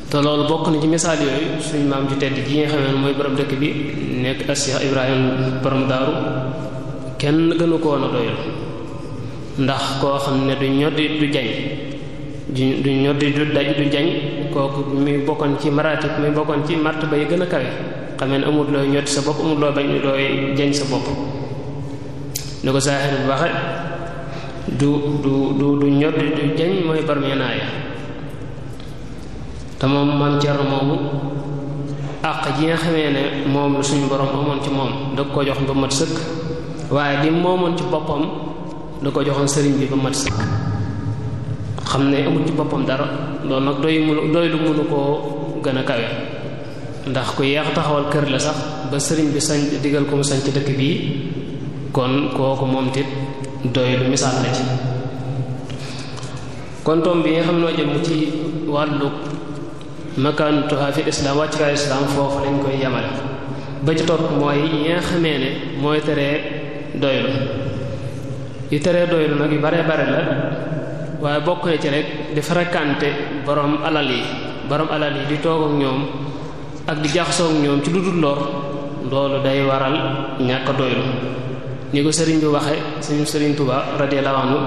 S3: te loolu bokk na ci misaal yooyu suñu maam ju tedd ji nga xam mooy borom dëkk bi nekk Cheikh Ibrahima borom daaru kenn gënu ko woon a ndax koo xam ne du ñoddi du jañ du ñoddi du daj du jañ kooku muy bokkoon ci maratib muy bokkoon ci martaba yi gën a kawe xamee ne amul looy ñotti sa bopp amul loo bañ looy jañ sa bopp ni ko saaxir bu waxe du du du du ñodd du jañ mooy borom yenaaya te moom maam Cerno moomu àq ji nga xame ne moom la suñu borom amoon ci moom da ko jox ba mat sëkk waaye li moomoon ci boppam da ko joxoon sëriñ bi ba mat sëkk xam ne amul ci boppam dara loolu nag doy mu doy koo gën a kawe ndax ku yeex taxawal kër la sax ba sëriñ bi sañ digal ko mu sañ ci dëkk bii kon kooku moom tit doy lu misaal la ci kon tomb bi nga xam noo jëm ci wàllu makaanatuha fi islam wàccukaay islam foofu lañ koy yamale ba ci topp mooy yi nga xamee ne mooy teree doylu yi teree doylu nag yu bare bare la waaye bokk na ci rek di fréquenté borom alal yi borom alal yi di toog ñoom ak di jaxasoo ak ñoom ci lu dul lor loolu day waral ñàkk doylu ni ko sëriñ bi waxe suñu sëriñ Tuba radiyallahu anhu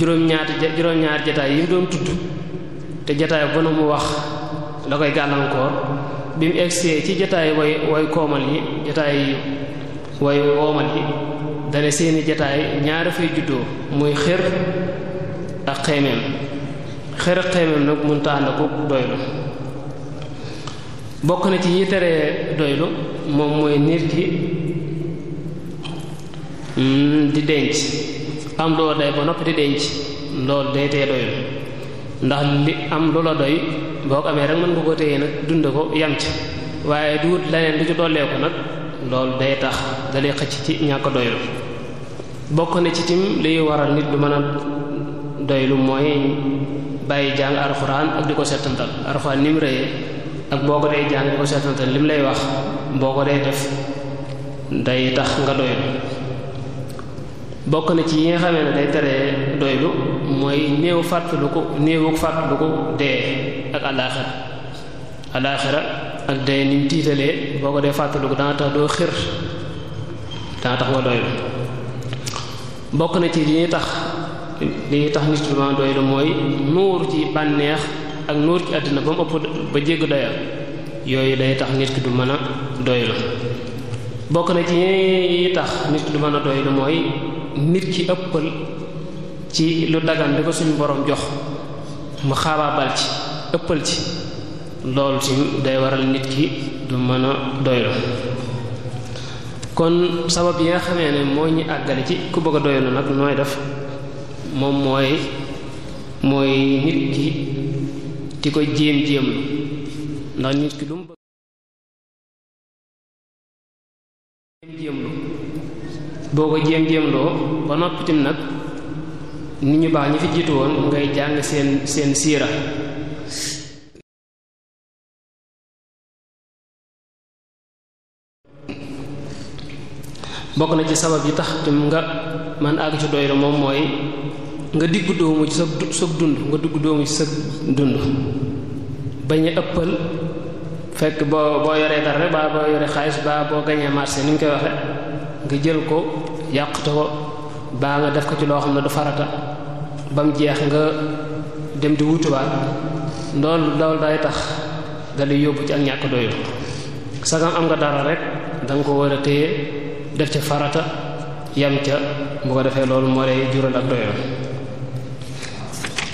S3: juróom-ñaati juróom-ñaari jataay yi mu doon tudd te jataay bu ne mu wax da koy gàllankoor bi mu egsee ci jataay way way koomal yi jataay yi woomal yi dane seeni jataay ñaari fay juddoo muy xër ak xeemeem xër ak xeemeem nag mënut a ànd ak doylu bokk na ci yi tere doylu moom mooy nit gi mm, di denc am loo doy ba noppi di denc loolu day tee doylu ndax li am lu la doy boo amee rek mën nga ko téye nag dund ko yam ci waaye du wut leneen du ci dollee nag loolu day tax dalay xëcc ci ñàkk doylu bokk na ci tim liy waral nit du mën a doylu mooy bàyyi jàng alxuraan ak di ko settantal alxuraan ni mu ak boo ko dee jàng di ko settantal li mu lay wax boo ko dee def day tax nga doylu bokk na ci yi nga xamee ne day tere néew fàttaliku ko néewu fàttaliku ko ni mu boo ko dee fàttaliku danga tax nga doylu bokk na ci yi tax li tax nit lu ma doy lu mooy nuur ci bànneex ak nuur ci àddina ba mu ëpp ba jégg doya yooyu day tax nit ki du mën a doylu bokk na ci yi tax nit ki du mën a doylu mooy nit ki ëppal ci lu dagan suñu borom jox mu xaabaabal ci ëppal ci loolu si day waral nit ki du mën a doylu kon sabab yi nga xamee ne moo ñu àggale ci ku bëgg a doylu nag nooy def moom mooy mooy nit ki di ko jéem jéem
S2: ndax nit ki lu mu bëgg jéemlu
S3: boo ko jéem jéemloo ba noppitim nag nit ñu baax ñi fi jiitu woon ngay jàng seen seen siira bokk na ci sabab yi tax nga man àgg ci doylu moom mooy nga diggu doomu ci sa sa dund nga diggu doomu ci sa dund bañ a ëppal fekk boo boo yoree dara baa boo yoree xaalis baa boo gañee marché ni ñu koy waxe nga jël ko yàqute ko baa nga def ko ci loo xam ne du farata ba jeex nga dem di wutuwaat loolu loolu daay tax da yóbbu ci ak ñàkk doylu sagam am nga dara rek da ko war a téye def ca farata yam ca bu ko defee loolu moo lay jural ak doyoo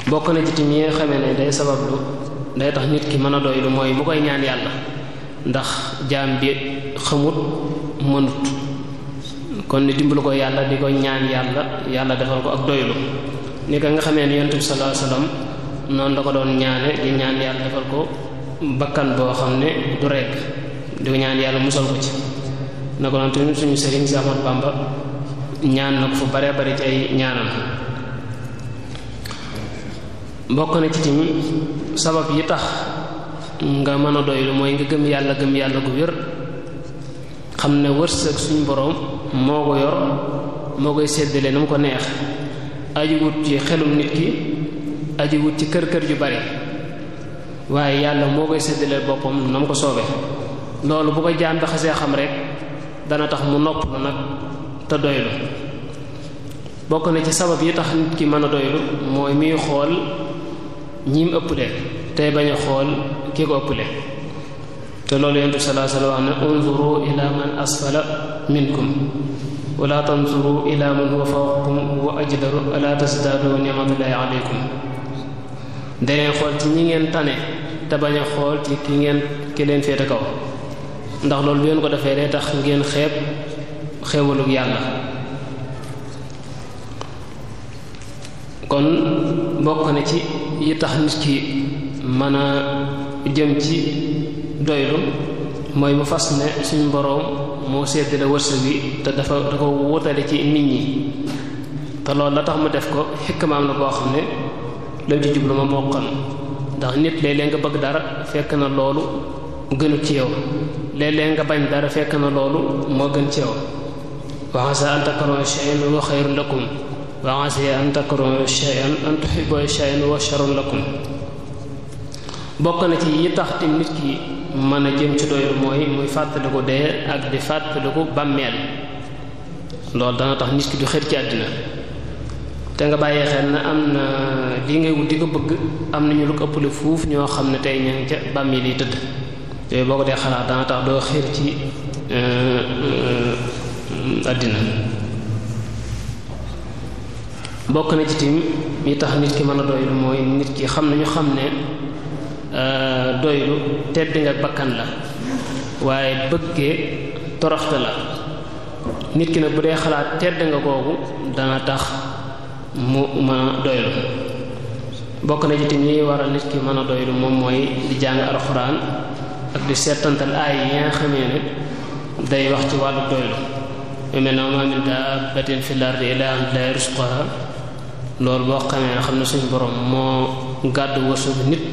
S3: bokk na ci tim yi nga xamee ne day sabab lu day tax nit ki mën a doylu mooy bu koy ñaan yàlla ndax jaam bi xamut mënut kon ni dimbalu ko yàlla di ko ñaan yàlla yàlla defal ko ak doylu ni ko nga xamee ne yonent bi sallallahu alayhi wasallam noonu la ko doon ñaane di ñaan yàlla defal ko bakkan boo xam ne du rekk di ñaan yàlla musal ko ci na ko noonu tamit suñu sëriñ si Ahmad Bamba ñaan na ko fu bare bari ci ay ñaanam bokk na ci tamit sabab yi tax nga mën a doylu mooy nga gëm yàlla gëm yàlla gu wér xam ne wërsëg suñu boroom moo ko yor moo koy séddale na mu ko neex ajiwut ci xelum nit ki ajiwut ci kër kër ju bari waaye yàlla moo koy séddale boppam na mu ko soobee loolu bu ko jaam bi xasee xam rek dana tax mu nopp noppalu nag te doylu bokk na ci sabab yi tax nit ki mën a doylu mooy muy xool ñiim ëpple tey bañ a xool ki ko ëpple te loolu yonent bi sallallahu alayhi wasallam wax ne unzuru ila man asfala minkum wala tanzuru ila man huwa fawqakum wa ajdaru ala tasdaadu ni'matullahi alaykum dangeen xool ci ñi ngeen tane te bañ a xool ci ki ngeen ki leen féete kaw ndax loolu ween ko defee day tax ngeen xeeb xéewalug yàlla kon bokk na ci yi tax nit ci mën a jëm ci doylu mooy mu fas ne suñ boroom moo seddale wërsëg wi te dafa da ko wutale ci nit ñi te loolu la tax mu def ko xikmaam la boo xam ne lam ci jublu ma moo ndax nit léeg-léeg nga bëgg dara fekk na loolu gënu ci yow léeg nga bañ dara fekk na loolu moo gën ci yow wa asa an takrahu shay'an wa khayrun bokk na ci yi tax te nit ki mën a jëm ci mooy muy fàttaliku dee ak di fàttaliku bàmmeel loolu dana tax nit ki du xër ci àddina te nga bàyyee xel na am na lii ngay wut ko bëgg am nañu lu ko ëppale fuuf ñoo xam ne tey ña ngi ca bàmmeel yi tëdd yooyu boo ko dee xalaat dana tax doo xiir ci euh, euh, àddina bokk na ci tim yi tax nit ki mën a doylu mooy nit ki xam nañu xam ne euh, doylu tedd nga bakkan la waaye bëggee toroxte la nit ki nag bu dee xalaat tedd nga kooku dana tax mu mën a doylu bokk na ci tim yi waral nit ki mën a doylu moom mooy di jàng alxuraan ak di seetantal aay yi nga xamee ne day wax ci wàllu doylu yu mel ne wa maa min daabbatin fil ardi illaa ala llaahi rizquhaa loolu boo xamee ne xam ne suñu borom moo gàddu wërsëgu nit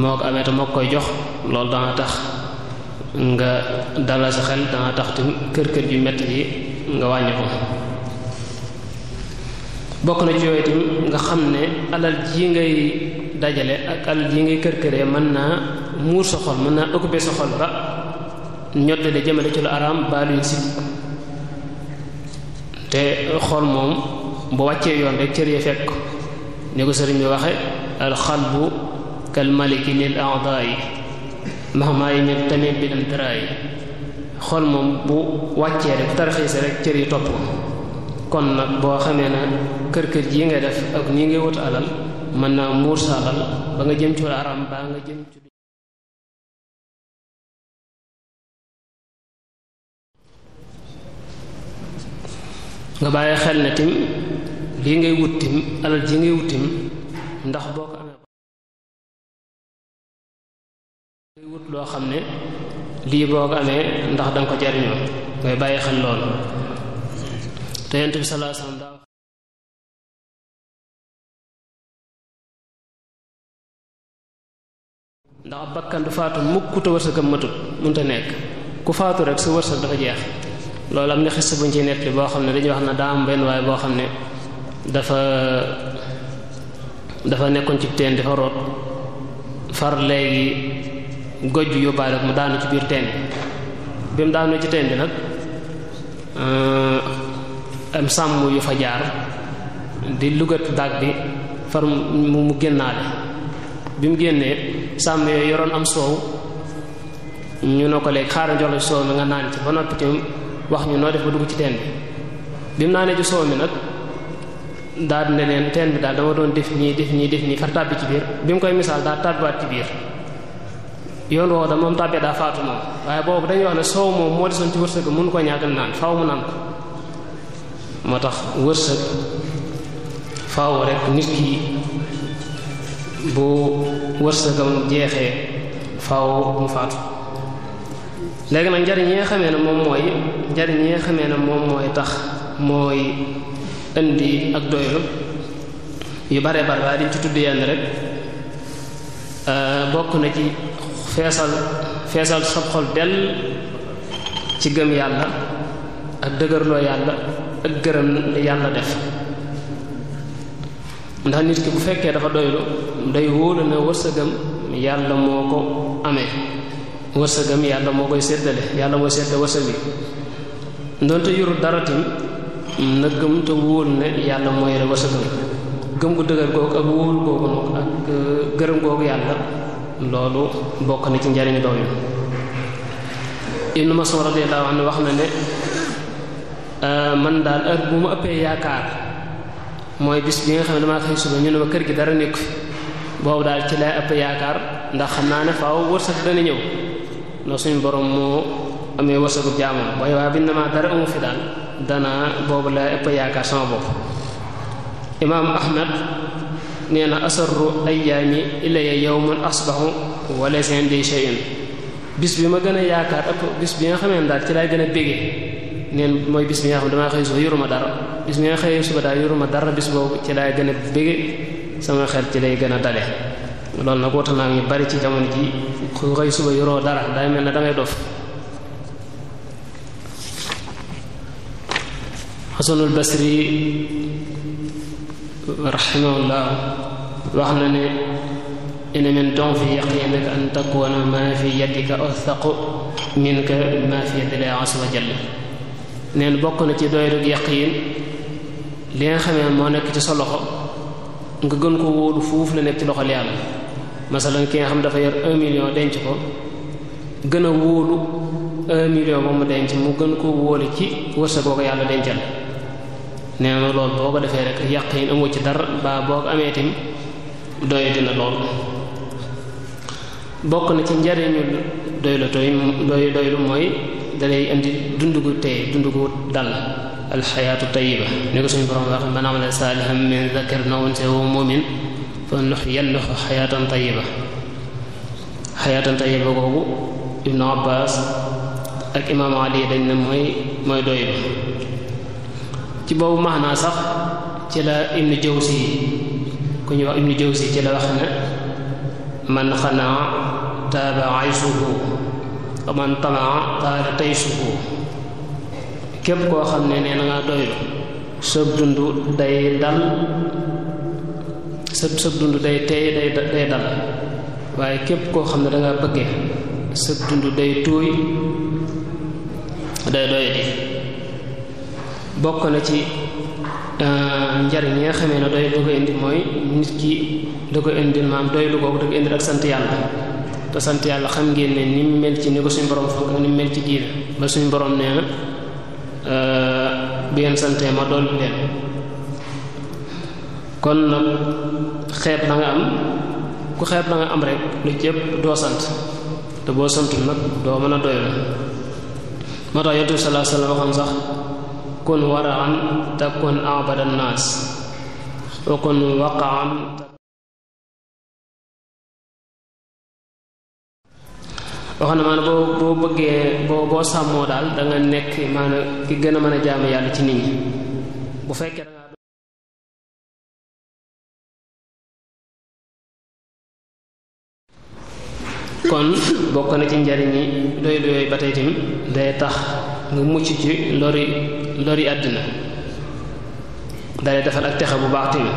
S3: moo ko amee te moo koy jox loolu dana tax nga dalal sa xel dana tax tamit kër kër yu metti yi nga wàññi ko bokk na ci nga xam ne alal ji ngay dajale ak alal yi ngay kër këree mën naa muur sa xol mën naa occuper sa xol ba ñodde de jëmale ci lu araam ba luñ si te xol moom bu wàccee yoon rek cër yi fekk ni ko sëriñ bi waxe alxalbu kal maliki lil a'daa'i mahma yajtami bil amtiraa'i xol moom bu wàccee rek tarxiise rek cër yi topp kon nag boo xamee na kër kër ji nga def ak nii ngay wut alal mën naa muur saaxal ba nga jëm ci wala baa nga jëm ci
S2: nga bàyyi xel ne tim lii ngay wuttim alal ji ngay wuttim ndax boo ko amee
S3: ngay wut loo xam ne lii boo ko amee ndax danga ko jariñoo ngay bàyyi xel loolu te yent bi sallallahu
S2: ndax bakkan du faatu
S3: mukk te wërsëgam matut mënut a nekk ku faatu rek su wërsëg dafa jeex loolu am na xis buñ ci nekk boo xam ne dañuy wax ne daa benn waaye boo xam ne dafa nekkoon ci teen dafa root bi yóbbaale mu daanu ci biir teen bi bi mu daanoo ci teen bi nag euh, am sàmm yu fa jaar di lugat daag bi far mu mu génnaale bi mu génnee sàmm yooyu yoroon am soow ñu ne ko léegi xaaral jox la ci soow mi nga naan ci ba noppi wax ñu noo def ba dugg ci teen bi bi mu naanee ci soow mi nag daal ne leen teen bi daal dama doon def nii def nii def nii far tàbbi ci biir bi mu koy misaal daal tàbbiwaat ci biir yoon woowu da moom tàbbee daa faatu moom waaye boobu dañuy wax ne soow moom moo desoon ci wërsëg mënu ko ñàkkal naan faw mu naan ko moo tax wërsëg faaw rek nit ki bu wërsëgam jeexee faaw mu faatu léegi nag njariñ yi nga xamee ne moom mooy njariñ yi nga xamee ne moom mooy tax mooy indi ak doylu yu bare bare waaye dañ ci tudd yenn rek euh, bokk na ci feesal feesal sab xol dell ci gëm yàlla ak dëgërloo yàlla ak gërëm yàlla def ndax nit ki bu fekkee dafa doylu day wóolu na wërsëgam yàlla moo ko amee wërsëgam yàlla moo koy séddale yàlla mooy séddale wërsëg bi dara tam na gëm te yàlla moo yore wërsëgam gëm gu dëgër googu ak wóolu googu noonu ak euh, gërëm googu yàlla loolu bokk na ci njariñu doom yi Ibnu Mas'ud radiyallahu anhu wax na ne euh, man daal ak bu ma ëppee yaakaar mooy bis bi nga xam ne damaa xëy suba ñu ne ma kër gi dara nekku fi boobu daal ci lay ëpp yaakaar ndax xam naa ne faaw wërsëg dana ñëw loolu suñu boroom moo amee wërsëgu jaamam waaye waaye biñ ne ma dara amu fi daal dana boobu lay ëpp yaakaar sama bopp imaam ahmad nee na asarru ayyaami ilaya yawmun asbahu wa laysa indi shay'un bis bi ma gën a yaakaar ëpp bis bi nga xamee daal ci lay gën a bégee neen mooy bis xam damaa xëy suba yoruma dara bis bi suba daal yoruma dara bis boobu ci laay gën a bége sama xel ci lay gën a dale loolu nag woote bari ci jamono ji ku xëy suba dara day mel ne dangay dof xasanul basri rahimahullah wax na ne ina min don fi yaqinika an takuna ma fi yadika athaqu minka ma fi yadillah azza wa jalla neen bokk na ci doyadug yàq li nga xamee moo nekk ci sa loxo nga gën ko wóolu foofu la nekk ci loxol yàlla masalan ki nga xam dafa yor un million denc ko gën a wóolu un million ba mu denc mu gën ko wóolu ci wërsëgoo ko yàlla dencal nee na loolu boo ko defee rek yaqiin amu ci dara ba boo ko amee tamit doy dina lool bokk na ci njariñu doy tooy doylu mooy dalay indi dund gu tey dund gu dal alxayaatu tayiba ni ko suñu borom wax man amala saalihan min zakar na unsa wa mu'min fa nuhyiyannahu xayaatan xayaatan tayiba googu ibnu abbas ak imaam ali dañ ne mooy mooy doylu ci boobu maanaa sax ci la ibnu jawsi ku ñuy wax ibnu jawsi ci la wax ne man xanaa taaba aysuhu man tamaa taala tey suufu képp koo xam ne nee na nga doylu sëb dund day dal sëb sëb dund day teey day dal waaye képp koo xam ne danga bëgge sëb dund day tuuy day doy di bokk na ci euh, njariñ yi nga xamee ne da ko indi mooy nit ki da ko indi maam doy lu kooku da ko indi ak sant yàlla te sant yàlla xam ngeen ne ni mu mel ci ni ko suñu borom fonk ak ni mel ci diina ba suñu borom nee na bi ngeen santee ma dool leen kon nag xeeb da nga am ku xeeb da nga am rek lu jëpp doo sant te boo santul nag doo mën a doy la moo tax yonent bi sallallahu sax kun waraan takun abada naas wa kun waqaan boo xam ne boo boo bëggee boo boo sàmmoo daal da nekk maanaam ki gën a mën a jaamu yàlla ci nit ñi bu fekkee
S2: kon bokk
S3: na ci njariñ doy lu yooyu day tax nga mucc ci lori lori àddina day defal ak texe bu baax tamit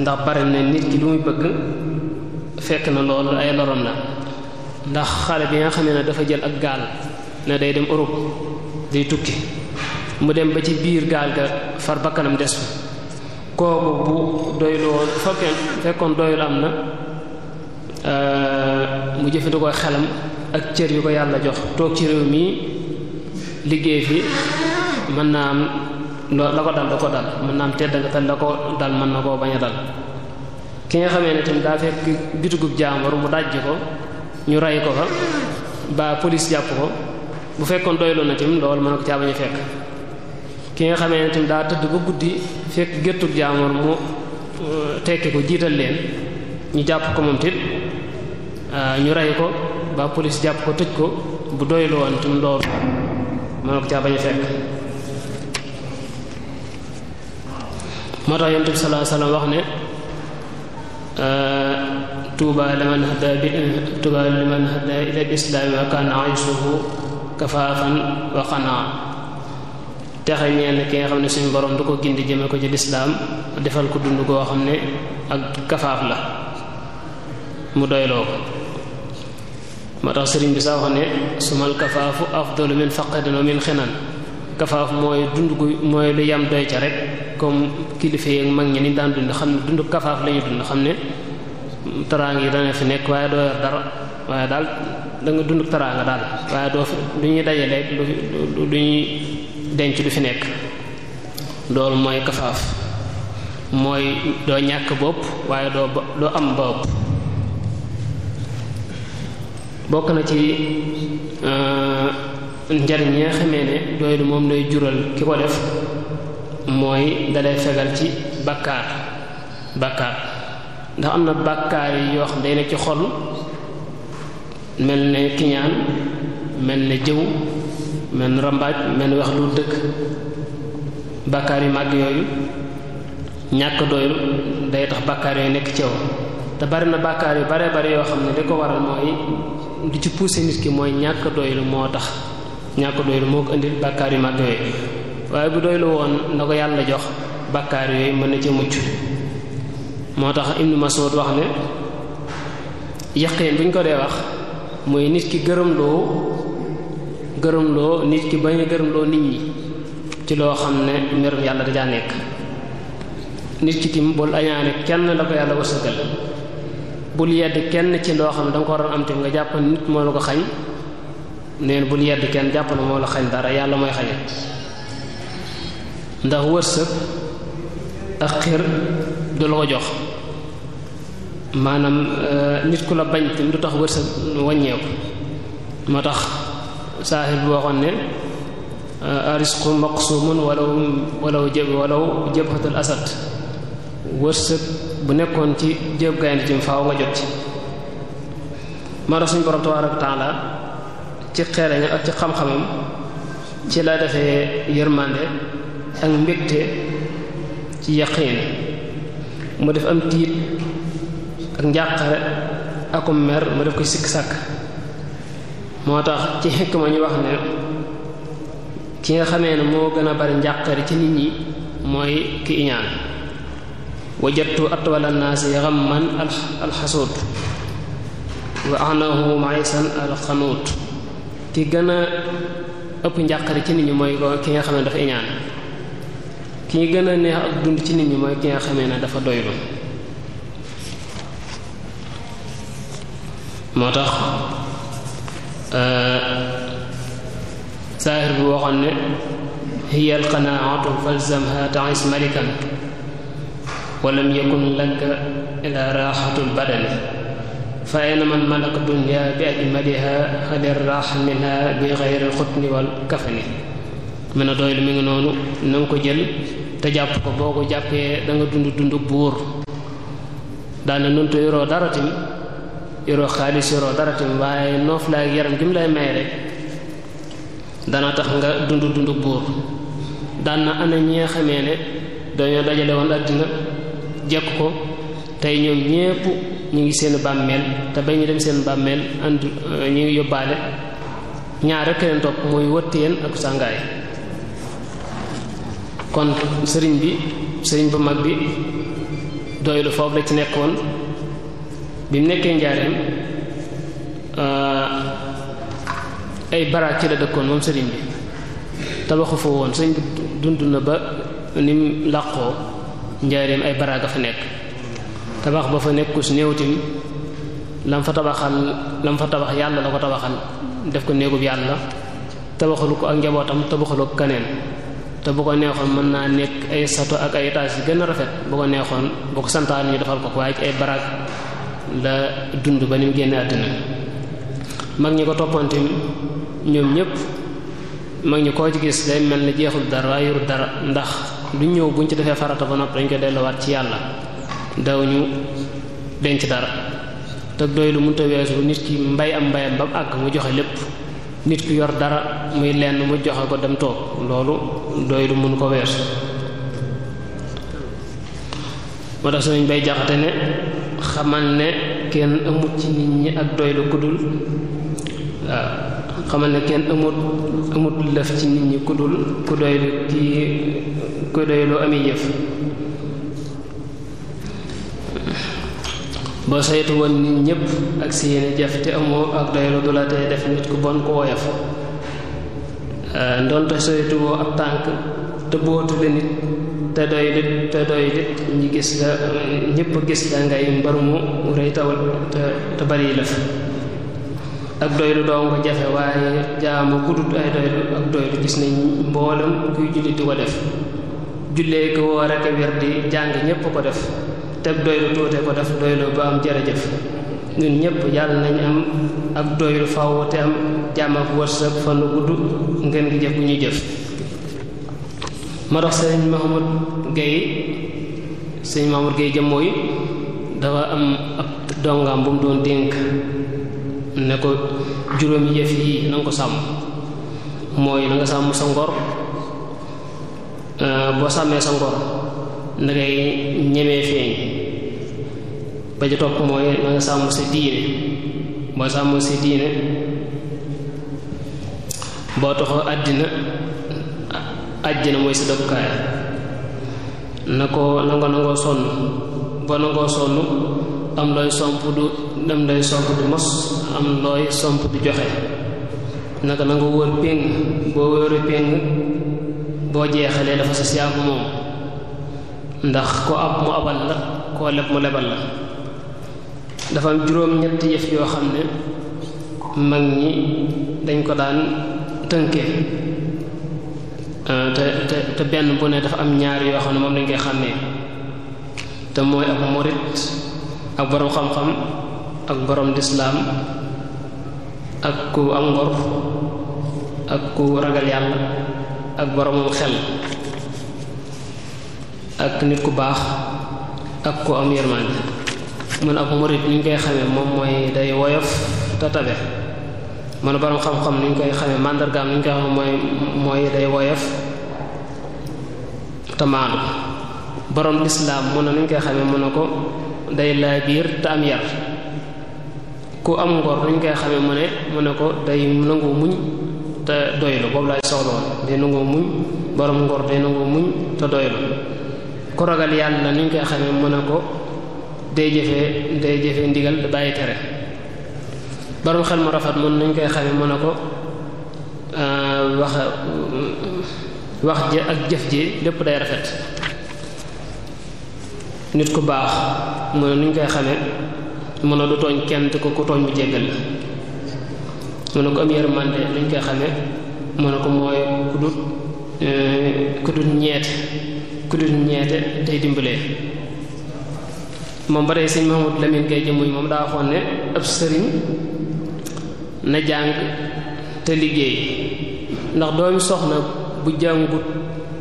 S3: ndax bari na nit ki lu muy bëgg fekk na loolu ay lorom la ndax xale bi nga xamee ne dafa jël ak gaal ne day dem Europe day tukki mu dem ba ci biir gaal ga far bakkanam des kooku bu doylu woon fekkee fekkoon doylu am na euh, mu jëfandikoo xelam ak cër yu ko yàlla jox toog ci réew mi liggéey fi mën naa am la ko dal da ko dal mën naa am tedd nga tal la ko dal mën na koo bañ a dal ki nga xamee ne tamit daa fekk bitugub jaamur mu dajji ko ñu ray ko fa ba police jàpp ko bu fekkoon doyloon na tamit loolu mën na ko caa fekk ki nga xamee ne tamit daa tëdd ba guddi fekk géttug jaamoor mu euh, tekki ko jiital leen ñu jàpp ko moom tit euh, ñu ray ko ba police jàpp ko tëj ko bu doylu woon tamit mën na ko caa fekk moo tax yonent bi sallallahu wax ne euh, tuuba liman hada bi tuuba liman hada ila islaami wa kaana aysuhu texe ñeen ki nga xam ne suñu borom du ko gindi jëme ko ci lislaam defal ko dund koo xam ne ak kafaaf la mu doyloo ko moo tax sëriñ bi saa wax ne sumal kafaafu afdalu min faqadin wa min xinan kafaaf mooy dund gu mooy lu yam doy ca rek comme kilifa yeeg mag ñi ni daan dund xam ne dund kafaaf la dund xam ne taraang yi dana fi nekk waaye doo yor dara waaye daal da dund taraanga daal waaye doo fi du ñuy dajale du du ñuy denc du fi nekk loolu mooy kafaaf mooy doo ñàkk bopp waaye doo doo am bopp bokk na ci euh, njariñ yi nga xamee ne doylu moom lay jural ki ko def mooy dalay fegal ci bakkaar bakkaar ndax am na bàkkaar yoo xam day ne ci xol mel ne kiñaan mel ne jëw mel ne rambaaj mel ne wax lu dëkk bàkkaar yu màgg yooyu ñàkk doyul day tax bàkkaar yooyu nekk ci yow te bari na bàkkaar yu bare bari yoo xam ne li ko waral mooy di ci pousser nit ki mooy ñàkk doylu moo tax ñàkk doylu moo ko indil bàkkaar yu màgg yooyu waaye bu doylu woon na ko yàlla jox bàkkaar yooyu mën na ci mucc moo tax Ibnu Mas'ud wax ne yaqiin buñ ko dee wax mooy nit ki gërëmloo gërëmloo nit ki bañ a gërëmloo nit ñi ci loo xam ne mbirum yàlla dajaa nekk nit ki tim bul añaane kenn la ko yàlla wërsëgal bul yedd kenn ci loo xam ne danga ko waroon am tim nga jàpp nit moo la ko xañ neen bul yedd kenn jàpp na moo la xañ dara yàlla mooy xañe ndax wërsëg ak xir du la ko jox maanaam euh, nit ku la bañ tamit du tax wërsëg wàññeeku moo tax saahir bi waxoon ne euh, arisqu maqsumun walaw walaw jëb walaw jëbhatul asad wërsëg bu nekkoon ci jëb gaynde ci faaw nga jot ci maa tax suñu borom tabaaraka wa taala ci xereñam ak ci xam-xamam ci la defee yërmande ak mbégte ci yaqiin mu def am tiit ak njàqare akum mer mu def ko sikk sàkk moo tax ci xekk ma ñu wax ne ki nga xamee ne moo gën a bari njàqare ci nit ñi mooy ki iñaan wajadtu atwala naasi man alxasuud wa anahu maisan alxanuut ki gën a ëpp njàqare ci nit ñi mooy ki nga xamee ne dafa iñaan ki gën a neex ak dund ci nit ñi mooy ki nga xamee ne dafa doylu moo tax saahir euh, bi waxoon ne hiya alqanaatu falzamha ta'is malikan walam yakun laka ila raxatul badani fa ayna man malaka dunya bi ajmaliha xadir raaxa minha bi xayri xutni wal kafani mu ne doylu mi ngi noonu na nga ko jël te jàpp ko boo ko jàppee danga dund dund buur daane nuntu yoroo dara tamit yoroo xaalis yoroo dara tamit waaye nooflaay ak yaram gi mu lay may rek dana tax nga dund dund buur daan na ana ñi nga xamee ne dañoo dajale woon àddina jekk ko tey ñoom ñépp ñu ngi seen bàmmeel te ba dem seen bàmmeel and eh, ñu ngi yóbbaale ñaar rekk leen topp mooy wëttéen ak sàngaay kon sëriñ bi sëriñ bu mag bi doylu foofu la ci nekkoon bi mu nekkee njaareem euh, ay baraag ci la dëkkoon moom sëriñ bi tabaxu fa woon sëñ bi dund na ba ni mu làqoo njaareem ay baraag a fa nekk tabax ba fa nekku si néewtim lam fa tabaxal lam fa tabax yàlla la ko tabaxal def ko néegub yàlla tabaxalu ko ak njabootam tabaxalu ko kaneen te bu ko neexoon mën naa nekk ay sato ak ay étage yi gën a rafet bu ko neexoon bu ko santaan ñu defal ko waaye ci ay baraag la dund ba ni mu génne àddina mag ñi ko toppantim ñoom ñépp mag ñi koo ci gis day mel ni jeexul dara waaye yorul dara ndax du ñëw buñ ci defee farata ba noppi dañ koy delluwaat ci yàlla daw ñu denc dara te doy lu mënta weesu nit ki mbay am mbayam ba mu àgg mu joxe lépp nit ki yor dara muy lenn mu joxe ko dem toog loolu doylu lu mënu ko weesu moo tax sëriñ bay jaxate ne xamal ne kenn amut ci nit ñi ak doylu kuddul waaw xamal ne kenn amut amut lëf ci nit ñi kuddul ku doylu kii ku doylu ami yëf boo saytu woon nit ñépp ak seeni jaf te amoo ak doylu du la tee def nit ku bon ku woyof ndonte saytu woo ab tànk te nit te doy te doy lit gis la ñépp gis la ngay mbar mu rëy tawal te te bari lëf ak doylu doo nga jafe waaye jaamu guddut ay doylu ak doylu gis nañ mboolam kuy julli di ko def jullee ko woor ak wér di jàng ñépp ko def te doylu tuute ko def doylu ba am jërëjëf ñun ñépp yàlla nañ am ak doylu faw te am jàmm ak wërsëg fan gudd ngeen gi jëf bu ñuy jëf ma dox sëriñ Mahmoud Guèye sëriñ Mahmoud Guèye jëmmooy dafa am ab dongaam bu mu doon dénk ne ko juróomi yëf yi na ko sàmm mooy na sàmm sa ngor euh, boo sàmmee sa ngor na ngay ñemee feeñ ba ja topp mooy na sàmm sa diine boo sàmm sa diine boo toxoo àddina àjjana mooy sa dëkkukaay na ko na nga nangoo sonn boo nangoo sonn am looy somp du am looy somp du mos am looy somp du joxe naka na nga wër péng boo wëru péng boo jeexalee dafa sa siyaabu moom ndax ko ab mu abal la koo leb mu lebal la dafa juróom ñett yëf yoo xam ne mag ñi dañ ko daan tënkee te te te benn bu ne dafa am ñaari yoo xam ne moom lañ koy xàmmee te mooy ak murit ak borom xam-xam ak boroom lislaam ak ku am ngor ak ku ragal yàlla ak boromum xel ak nit ku baax ak ku am yërmande mun ak murit ñu koy xamee moom mooy day woyof te mu ne borom xam-xam ni ñu koy xame màndargaam ni ñu koy xamee mooy mooy day woyof te maandu borom lislaam mu ne ni ñu koy xamee mu ne ko day laa biir te ku am ngor ni koy xamee mu ne mu ko day nangoo muñ te doylu boobu laay soxla woon day nangoo muñ borom ngor day nangoo muñ te doylu ku ragal na ni ñu koy xamee mu ne ko day jëfee day jëfee ndigal bàyyi tere borom xel mu rafet mun nañ koy xamee mu ne ko euh, wax wax ji ak jëf ji dépp day rafet nit ku baax mu ne nuñ koy xame mu ne du tooñ kenn te ko ku tooñ bu jéggal la mu ne ko am yërmande nuñ koy xamee mu ne ko mooy ku dut euh, ku dut ñeete ku dut ñeete day dimbalee moom ba tey sëñ Mahmoud Lamine Gueye jëmuñ moom daa waxoon ab sëriñ na jàng te liggéey ndax doomi soxna bu jàngu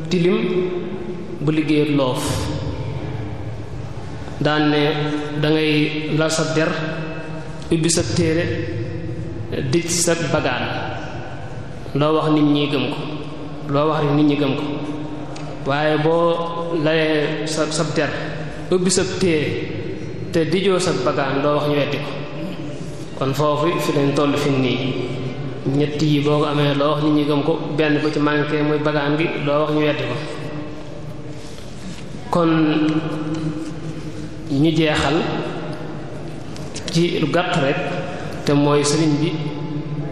S3: tilim bu liggéey loof daan dangay lal sa der ubbi sa téere dij sa bagaan loo wax nit ñi gëm ko loo wax nit ñi gëm ko waaye boo layee sa sab der ubbi sa téere te dijoo sa bagaan loo wax ñu ko kon foofu fi lañ toll fi nii ñett yi boo ko amee loo wax nit ñi ko benn bu ci manqué muy bagaan gi loo wax ñu weddi ko kon ñu jeexal ci lu gàtt rek te mooy sëriñ bi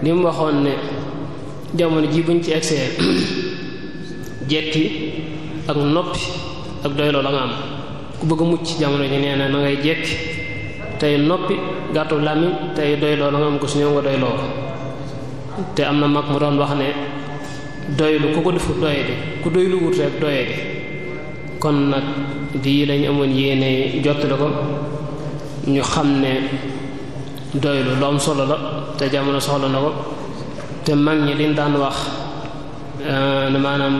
S3: li waxoon ne jamono ji buñ ci egsee jekki ak noppi ak doyloo la nga am ku bëgg a mucc jamono ji nee na na ngay jekki tey noppi gàttu làmmiñ tey doyloo la nga am ko su ñëw nga doyloo te am na mag mu doon wax ne doylu ku ko defu doye di ku doylu wut kon nag di yi lañ amoon yéene jottali ko ñu xam ne doylu loom solo la te jamono soxla na ko te mag ñi liñ daan wax eh, maanaam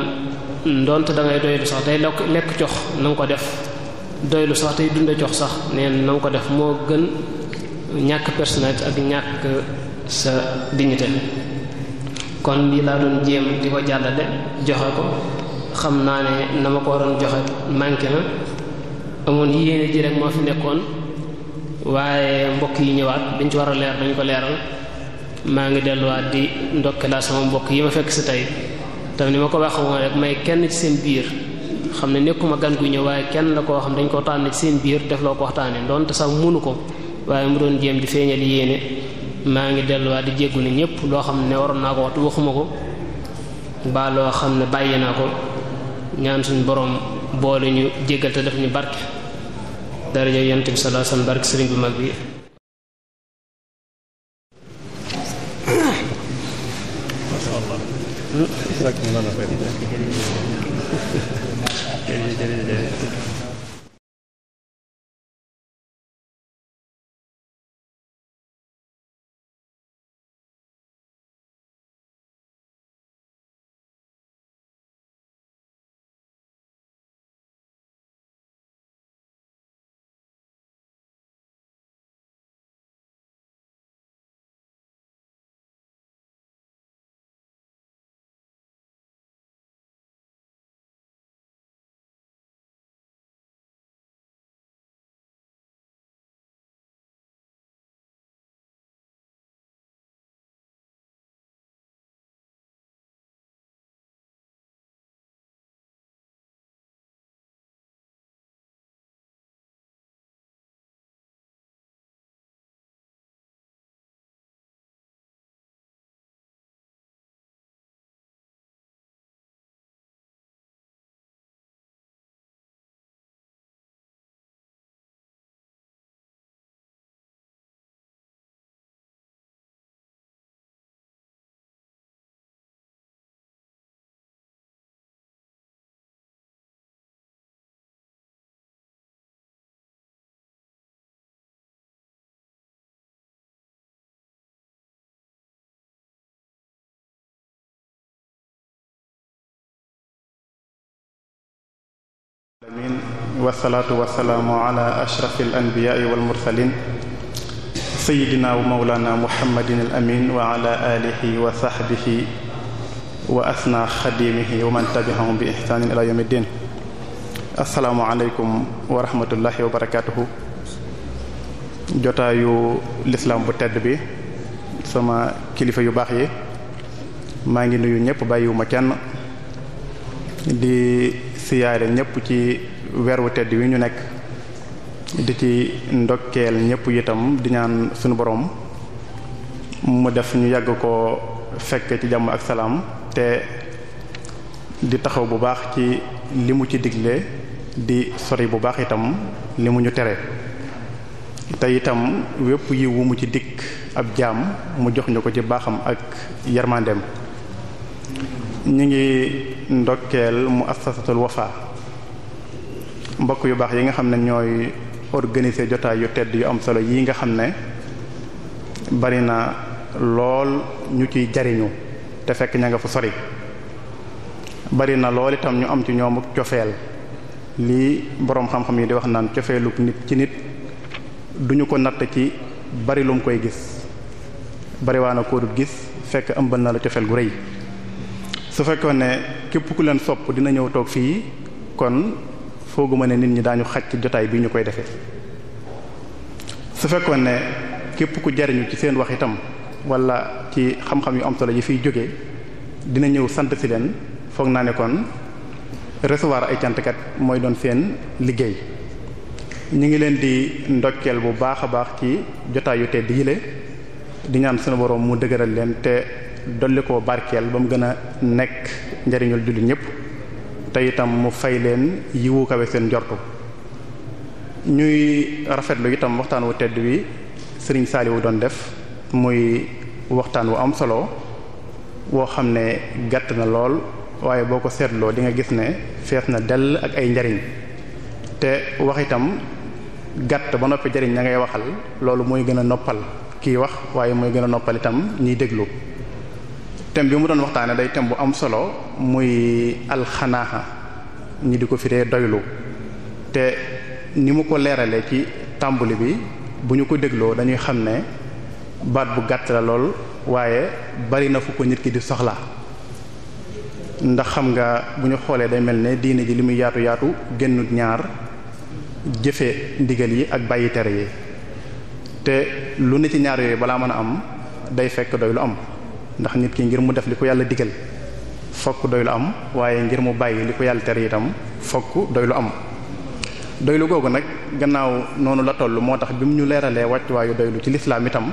S3: ndonte dangay ngay doylu sax day lekk lekk jox na nga ko def doylu sax te tey dunde jox sax neen na nga ko def moo gën ñàkk personnalité ak ñàkk sa dignité kon lii laa doon jéem di ko jàllale joxe ko xam naa ne na ma ko waroon joxe manqué na amoon yéene ji rek moo fi nekkoon waaye mbokk yi ñëwaat dañ ci war a leer dañ ko leeral maa ngi delluwaat di ndokke laa sama mbokk yi ma fekk si tey tam ni ma ko waxoon rek may kenn ci seen biir xam ne nekkuma gan gu ñëw waaye kenn la koo xam dañ koo tànn ci seen biir def loo ko waxtaane doonte sax munu ko waaye mu doon jéem di feeñal yéene maa ngi delluwaat di jéggu ne ñépp loo xam ne waroon naa ko waxtu waxuma ko baa loo xam ne bàyyi naa ko ñaan suñu borom boole ñu jéggal te def ñu barke daraja yonent bi sallallahu alayhi wasallam barke sëriñ bu mag bi
S2: jërëjëf jërëjëf wasalaatu wasalaamu ala ashrafil
S4: anbiyaai wal mursalin sayidina wa mawlana muhammadin amin wa ala wa sahbihi wa asna xadimihi wa man tabi'ahum bi ihsaanin ila yawmi din assalaamu wa rahmatullahi wa barakatuhu jotaayu lislaam bu tedd bi sama kilifa yu baax yi maa ngi nuyu ñëpp bàyyiwuma kenn di siyaare ñëpp ci weer wu tedd wi ñu nekk di ci ndokkeel ñépp yitam di ñaan sunu boroom mu def ñu yàgg ko fekk ci jàmm ak salaam te di taxaw bu baax ci li mu ci digle di sori bu baax itam li mu ñu tere te itam wépp yi mu ci dikk ab jaam mu jox ñu ko ci baaxam ak yarmandeem ñu ngi ndokkeel mu assasatul wafa mbokk yu baax yi nga xam ne ñooy organiser jotaay yu tedd yu am solo yi nga xam ne bari na lool ñu ci jariñu te fekk ña nga fu sori bari na lool itam ñu am ci ñoom cofeel lii boroom xam-xam yi di wax naan cofeelu nit ci nit duñu ko natt ci bari lum koy gis bariwaana koo dul gis fekk ëmbal na la cofeel gu rëy su fekkoon ne képp ku leen sopp dina ñëw toog fii kon fooguma ne nit ñi daañu xaj ci jotaay bi ñu koy defee su fekkoon ne képp ku jariñu ci seen wax itam walla ci xam-xam yu am solo yi fiy jóge dina ñëw sant si leen foog naa ne kon recevoir ay cantkat mooy doon seen liggéey ñu ngi leen di ndokkeel bu baax a baax ci jotaay yu tedd yile di ñaan sunu boroom mu dëgëral leen te dolli koo barkeel ba mu gën a nekk njariñul jullit ñépp te itam mu fay leen yiwu kawe seen jortu ñuy rafetlu itam waxtaan wu tedd wi sëriñ saali wu doon def muy waxtaan wu am solo woo xam ne gàtt na lool waaye boo ko seetloo di nga gis ne fees na dell ak ay njariñ te wax itam gàtt ba noppi jariñ ña ngay waxal loolu mooy gën a noppal kiy wax waaye mooy gën a noppal itam ñiy déglu thème bi mu doon waxtaane day tem bu am solo muy alxanaaxa ñi di ko firee doylu te ni mu ko leeralee ci tàmbali bi bu ñu ko dégloo dañuy xam ne baat bu gàtt la lool waaye bari na fu ko nit ki di soxla ndax xam nga bu ñu xoolee day mel ne diine ji li muy yaatu yaatu génnut ñaar jëfe ndigal yi ak bàyyi tere yi te lu ne ci ñaar yooyu balaa mën a am day fekk doy lu am ndax nit ki ngir mu def li ko yàlla digal fokk doy lu am waaye ngir mu bàyyi li ko yàlla tere itam fokk doy lu am doylu googu nag gannaaw noonu la toll moo tax bi mu ñu leeralee wàccuwaayu doylu ci lislaam itam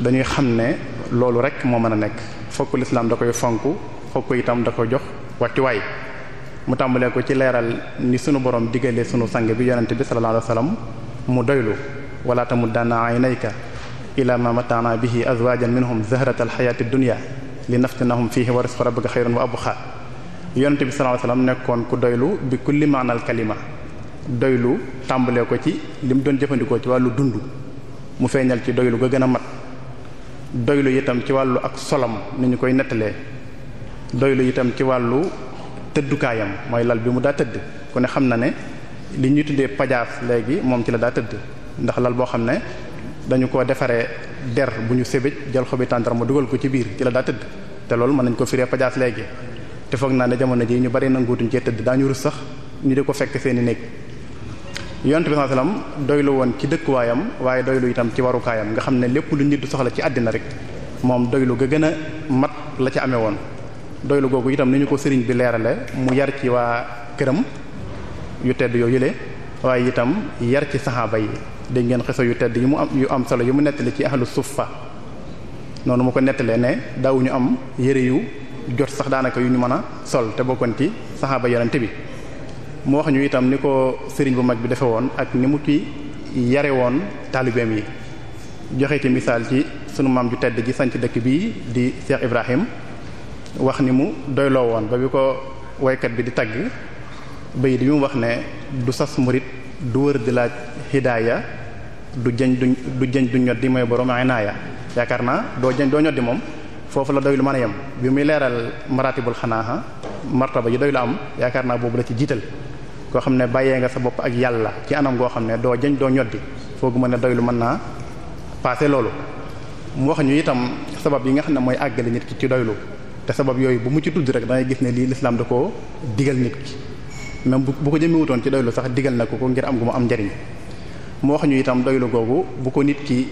S4: dañuy xam ne loolu rek moo mën a nekk fokk lislaam da koy fonk fokk itam da ko jox wàccuwaay mu tàmbalee ko ci leeral ni sunu borom diggalee sunu sang bi yonente bi sallallahu alayhi wasallam mu doylu wala tamuddanna aynayka ila ma mata'na bihi azwajan minhum zahrata alxayati dunya li naftinahum fihi wa rizqa rabbika xayrun wa abqa yonent bi sallallahu alayhi wasallam nekkoon ku doylu bi kulli maanal kalima doylu tàmbalee ko ci li mu doon jëfandikoo ci wàllu dund mu feeñal ci doylu ga gën a mat doylu itam ci wàllu ak solom ni ñu koy nettalee doylu itam ci wàllu tëddukaayam mooy lal bi mu daa tëdd ku ne xam na ne li ñuy tuddee pajaas léegi moom ci la daa tëdd ndax lal boo xam ne dañu ko defaree der bu ñu sébéj jël xobi tàndarma dugal ko ci biir ci la daa tëdd te loolu mën nañ ko firee pajaas léegi te foog naa ne jamono ji ñu bari nanguutuñ cee tëdd daañu rus sax ñu di ko fekk seeni néeg yonent bi sallallahu alayhi doylu woon ci dëkkuwaayam waaye doylu itam ci warukaayam nga xam ne lépp lu nit du soxla ci àddina rek moom doylu ga gën a mat la ci amee woon doylu googu itam ni ñu ko sëriñ bi leerale mu yar ci waa këram yu tedd yoo yële waaye itam yar ci saxaaba yi dégg ngeen xisa yu tedd yi mu am yu am solo yi mu nettali ci ahlu suffa noonu mu ko nettalee ne daawuñu am yére yu jot sax daanaka yu ñu mën a sol te bokkoon ci saxaaba yonent bi mu wax ñu itam ni ko sëriñ bu mag bi defe woon ak ni mu ci yare woon taalibeem yi joxe ci misaal ci sunu maam ju tedd ji sanc dëkk bii di Cheikh Ibrahim wax ni mu doyloo woon ba bi ko waykat bi di tagg bayit bi mu wax ne du sas murit du wër di laaj hidaaya du jëñ duñ du jëñ du ñoddi mooy naa ya yaakaar naa doo jëñ doo ñoddi moom foofu la doy lu mën a yem bi muy leeral maratibul xanaaha martaba yi doy lu am yaakaar naa boobu la ci jiital koo xam ne bàyyee nga sa bopp ak yàlla ci anam goo xam ne doo jëñ doo ñoddi foogu mën ne doy lu mën naa passé loolu mu wax ñu itam sabab yi nga xam ne mooy àggale nit ki ci doylu te sabab yooyu bu mu ci tudd rek dangay gis ne lii lislaam da koo digal nit ki même bu ko jëmewutoon ci doylu sax digal na ko ko ngir am gu mu am njariñ mu wax ñu itam doylu googu bu ko nit ki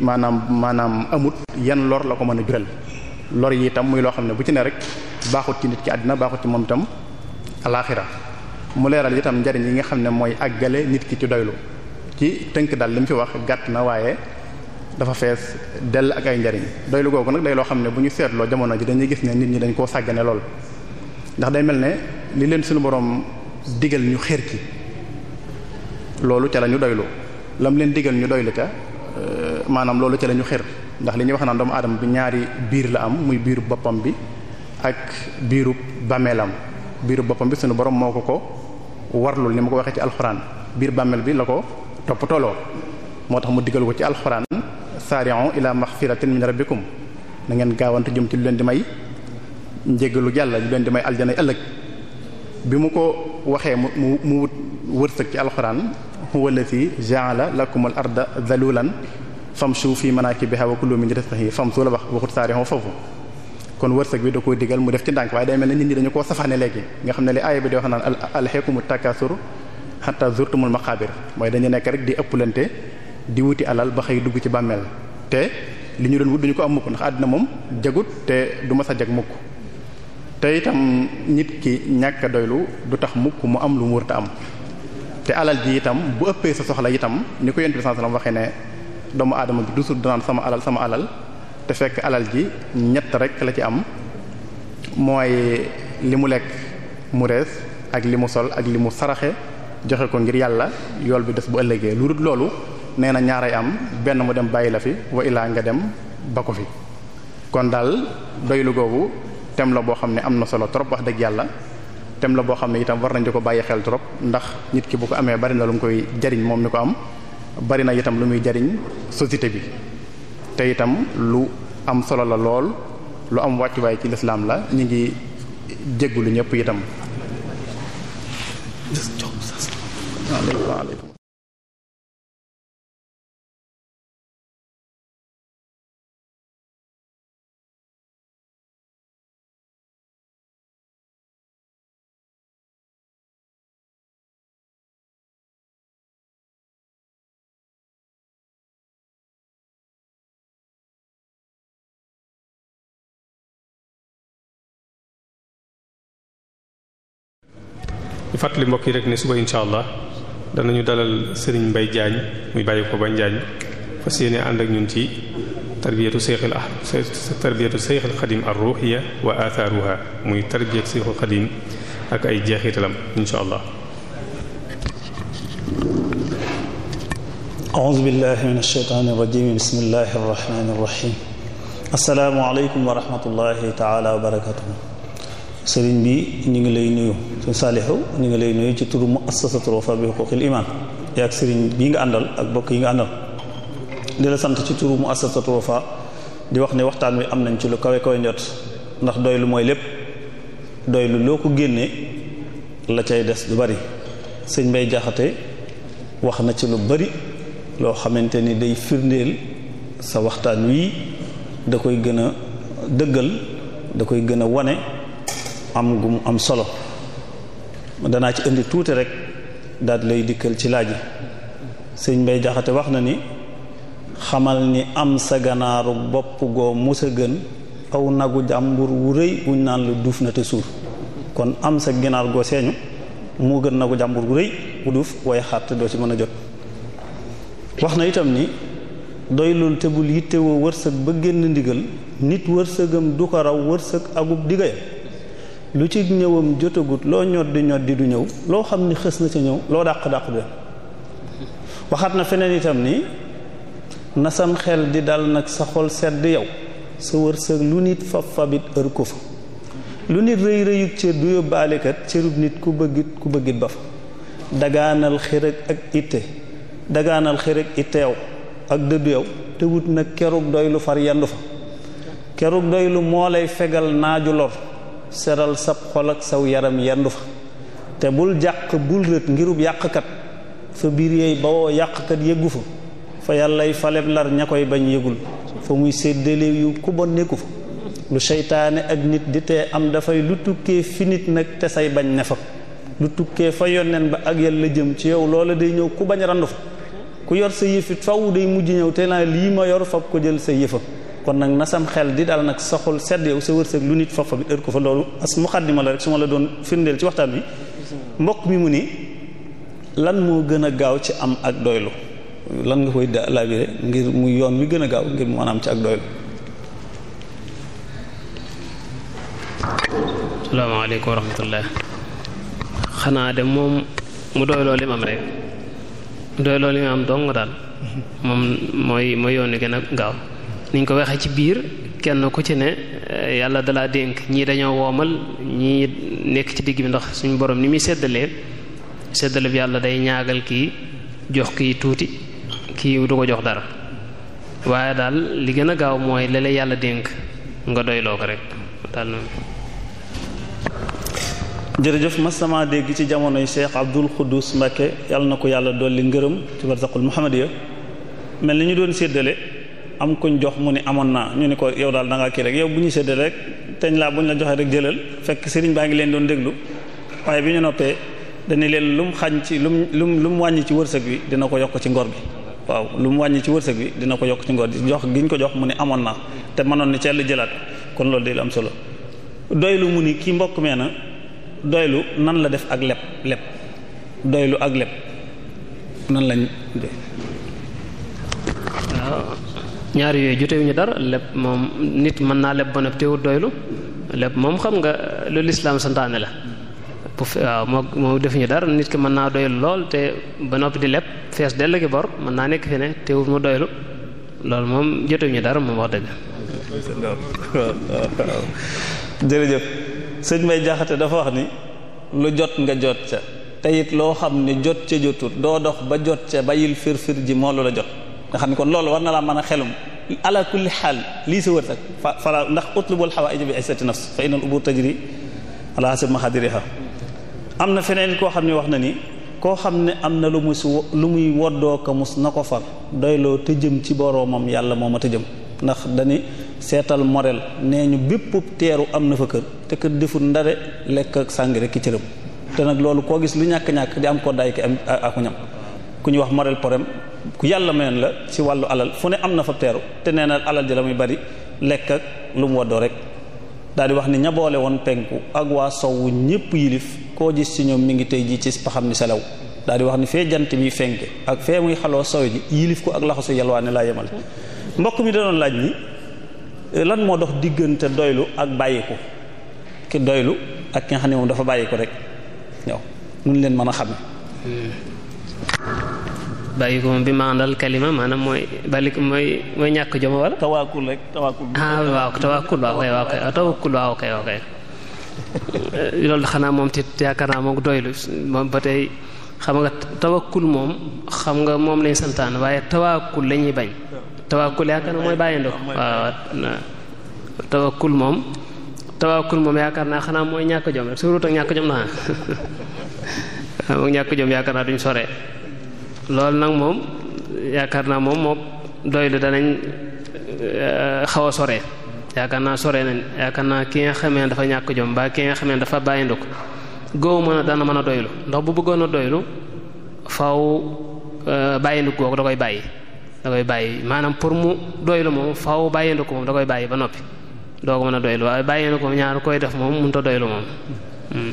S4: maanaam maanaam amut yan lor la ko mën a jural lor yi itam muy loo xam ne bu ci ne rek baaxut ci nit ki àddina baaxut ci moom itam alaaxira mu leeral itam njariñ yi nga xam ne mooy àggale nit ki ci doylu ci tënk daal li mu fi wax gàtt na waaye dafa fees dell ak ay njariñ doylu googu nag day loo xam ne bu ñu seetloo jamono ji dañuy gis ne nit ñi dañ koo sàggane lool ndax day mel ne li leen suñu borom digal ñu xër ci loolu ca la ñu doylu lam leen digal ñu doylu ca euh, maanaam loolu ca lañu ñu ndax li ñuy wax naa doomu aadama bi ñaari biir la am muy biiru boppam bi ak biiru bàmmeelam biiru boppam bi suñu borom moo ko ko warlu ni ma ko waxee ci alxuraan biir bàmmeel bi la ko topp tolloo moo tax mu digal ko ci alxuraan sari'u ila maghfiratin min rabbikum na ngeen gaawante jëm ci lu leen di may njéggalu yàlla lu leen di may aljanay ëllëg bi mu ko waxee mu mu wut wërsëg ci alxuraan huwa allati ja'ala lakum al arda dalulan famshu fi manakibiha wa sax min rizqihi famshu la wax waxut saarixoo foofu kon wërsëg bi da ko digal mu def ci ndànk waaye day mel ne nit ñi dañu koo safaane léegi nga xam ne li aaya bi di wax naan alxeekumu takasur hatta zurtumul maqabir mooy dañu nekk rek di ëpplante di wuti alal ba xëy dugg ci bàmmeel te li ñu doon wut duñu ko am mukk ndax àddina moom jagut te du mas a jag mukk te itam nit ki ñàkk a doylu du tax mukk mu am lu mu wërta am te alal ji itam bu ëppee sa soxla itam ni ko yonent bi sallallahu alayhi wasallam waxee ne doomu aadama bi dusul danaan sama alal sama alal te fekk alal ji ñett rek la ci am mooy li mu lekk mu rees ak li mu sol ak li mu saraxe joxe ko ngir yàlla yool bi des bu ëllëgee lu dul loolu nee na ñaaray am benn mu dem bàyyi la fi wa ilaa nga dem ba ko fi kon daal doylu googu tem la boo xam ne am na solo trop wax dëgg yàlla tem la boo xam ne itam war nañ di ko bàyyi xel trop ndax nit ki bu ko amee bari na lu mu koy jariñ moom mi ko am bari na itam lu muy jariñ société bi te itam lu am solo la lool lu am wàccuwaay ci lislaam la ñu ngi jéggulu ñépp itam.
S2: di fàttali mbokk yi rek ne suba incha allah danañu dalal Serigne Mbaye
S1: Diagne muy bàyyi ko ba Diagne fas yéene ànd ak ñun ci tarbiyatu Seyxul ah tarbiyatu Seyxul Xadim ar-ruhiyya wa athaaruha muy tarbiyatu Seyxul Xadim ak ay jeexitalam incha allah.
S5: a'uuzu billahi minash shaytaanir rajiim bismillahir rahmaanir rahiim assalaamu aleykum wa rahmatullahi ta'ala wa barakaatuh sëriñ bi ñu ngi lay nuyu su saalihu ñu ngi lay nuyu ci turu muassasatu Wafa bi huquqil iman yaag sëriñ bii nga àndal ak bokk yi nga àndal di la sant ci turu muassasatu Wafa di wax ne waxtaan wi am nañ ci lu kawe kawe njot ndax doy lu mooy lépp doy lu loo ko génne la cay des lu bari sëñ Mbay Jaxate wax na ci lu bari loo xamante ni day firndeel sa waxtaan wii da koy gën a dëggal da koy gën a wane am gu mu am solo danaa ci indi tuuti rek daal lay dikkal ci laaj yi sëñ Mbay Jaxate wax na ni xamal ni am sa ganaaru bopp goo musa gën aw nagu jàmbur wu rëy wuñ naan la duuf na te suur kon am sa ginaar goo seeñu moo gën nagu jàmbur wu rëy wu duuf waaye xaar te doo ci mën a jot wax na itam ni doy loolu bul yittewoo wërsëg ba génn ndigal nit wërsëgam du ko raw wërsëg agub diggayam lu ci ñëwam jotagut loo ñoddi ñoddi du ñëw loo xam ni xës na ca ñëw loo dàq dàq du waxat na feneen itam ni na sam xel di dal nag sa xol sedd yow sa wërsëg lu nit fab fabit ër ko fa lu nit rëy rëyug cër du yóbbaale kat cërub nit ku bëggit ku bëggit ba fa dagaanal xërëg ak itte dagaanal xërëg itte yow ak dëddu yow te wut nag kerug doy far yendu fa kerug doy moo lay fegal naaju lor seral sab xol ak saw yaram yendu fa te bul jàq bul rët ngirub yàqkat fa biir yeey bawoo yàqkat yëggu fa fa yàllay faleb lar ña koy bañ yëgul fa muy séddale yu ku bon nekku fa lu seytaane ak nit di te am dafay lu tukkee fi nit nag te say bañ ne fa lu tukkee fa yonen ba ak yàlla jëm ci yow loola day ñëw ku bañ randu fa ku yor sa yëfit faw day mujj ñëw te naa lii ma yor fab ko jël sa yëfa kon nag na sam xel di daal nag sa xol sedd yow sa wërsëg lu nit fafa bi dër ko fa loolu as muqaddima la rek su ma la doon firndeel ci waxtaan bi mbokk mi mu ni lan moo gën a gaaw ci am ak doylu lan nga koy labiré ngir mu yoon wi gën a gaaw ngir mu am ci ak doylu
S3: salaamaaleykum wa xanaa de moom mu doy loolu li am rek mu doy am dong daal moom mooy mooy yoon wi gën a gaaw niñ ko weexee ci biir kenn ku ci ne eh, yàlla dalaa dénk ñii dañoo woomal ñii nekk ci digg bi ndax suñu boroom ni muy seddalee seddale bi yàlla day ñaagal kii jox kii tuuti kii du ko jox dara waaye daal li gën a gaaw mooy lele yàlla dénk nga doyloo ko rek daal noonu
S5: jërëjëf mas sama dégg ci jamonoy Cheikh Abdul Xuddus Mbàkke yàlla na ko yàlla dolli ngërëm ci barsaqul Muhammadiya mel ni ñu doon séddale am kuñ jox mu ni amoon naa ñu ni ko yow daal da kii rek yow bu ñu séddale rek teñ laa bu ñu la joxee rek jëlal fekk sëriñ baa ngi leen doon déglu waaye bi ñu noppee dañu leen lu mu xañ ci lum mu lu mu wàññi ci wërsëg bi dina ko yokk ci ngor bi waaw lu mu wàññi ci wërsëg bi dina ko yokk ci ngor bi jox gi ñu ko jox mu ni amoon naa te mënoon ni cell jëlaat kon loolu day am solo doylu mu ni kii mbokk mee na doylu nan la def ak leb leb doylu ak leb nan lañ
S3: waaw ñaari yooyu jotewuñu dara lépp moom nit mën naa leb ba noppi teewut doylu lépp moom xam nga lu lislaam santaane la bu waaw moo moo defuñu dara nit ki mën naa doylu lool te ba noppi di leb fees dell ki bor mën naa nekk fi ne teewut mu doylu loolu moom jotewuñu dara moom wax dëgg jërëjëf sëñ may jaxate dafa wax ni
S5: lu jot nga jot ca te it loo xam ne jot ca jotul doo dox ba jot ca bayil firfir ji moo lu la jot nga xam ne kon loolu war na laa man a xelum ala kulli xaal lii sa wërsëg fa fala ndax utlubul xawaaij bi izzati nafs fa innal ubur tajri ala hasab maxadiriha am na feneen koo xam ne wax na ni koo xam ne am na lu mu si lu muy woddoo ko mus na ko far doyloo tëjëm ci boroomam yàlla moo a tëjëm ndax dañi seetal morel nee ñu bépp teeru am na fa kër te kër deful ndare lekk ak sàngi rek ki cëram te nag loolu koo gis lu ñàkk-ñàkk di am ko daay ki am aku ñam ku ñuy wax morel porem ku yàlla mayoon la ci wàllu alal fu ne am na fa teeru te nee na alal ji la muy bari lekk ak lu mu waddoo rek daal di wax ni ña boole woon penku ak waa sowwu ñépp yilif koo gis ci ñoom mi ngi tey ji ci paxam ni selaw daal wax ni fee jant bi fenke ak fee muy xaloo sow ji yilif ko ak laxasu yalwaane laa yemale mbokk mi da doon laaj ni lan moo dox diggante doylu ak bàyyiku ki doylu ak ki nga moom dafa bàyyiku rek
S3: ñëw nun leen mën a xame hmm. bàyyi ko moom bi maandal kalima maanaam mooy balik mooy mooy ñàkk joma wala. tawaakul rek tawaakul. Ah, waaw tawaakul waaw kay waaw kay tawaakul waaw kay eh, loolu xanaa moom ci yaakaar naa moom doylu moom ba tey xam nga tawakkul moom xam nga moom lañ santaan waaye tawakkul lañuy ñuy bañ tawakkul yaakaar naa mooy bàyyindoo waaw mooy ñàkk jom rek surtout ak ñàkk jom naa moom ñàkk jom yaakaar naa duñ soree loolu nag moom yaakaar naa moom moo doylu danañ eh, xaw a sore yaakaar naa sore nañ yaakaar naa ki nga xamee ne dafa ñàkk jom ba ki nga xamee ne dafa bàyyi nduk góob dana mën a doylu ndax bu bëggoon a doylu faw eh, bàyyi nduk googu da koy bàyyi da koy bàyyi maanaam pour mu doylu moom faw bàyyi nduk moom da koy bàyyi ba noppi doo ko mën a doylu waaye bàyyi nduk moom ñaar koy def moom mënut a doylu moom.
S5: Hmm.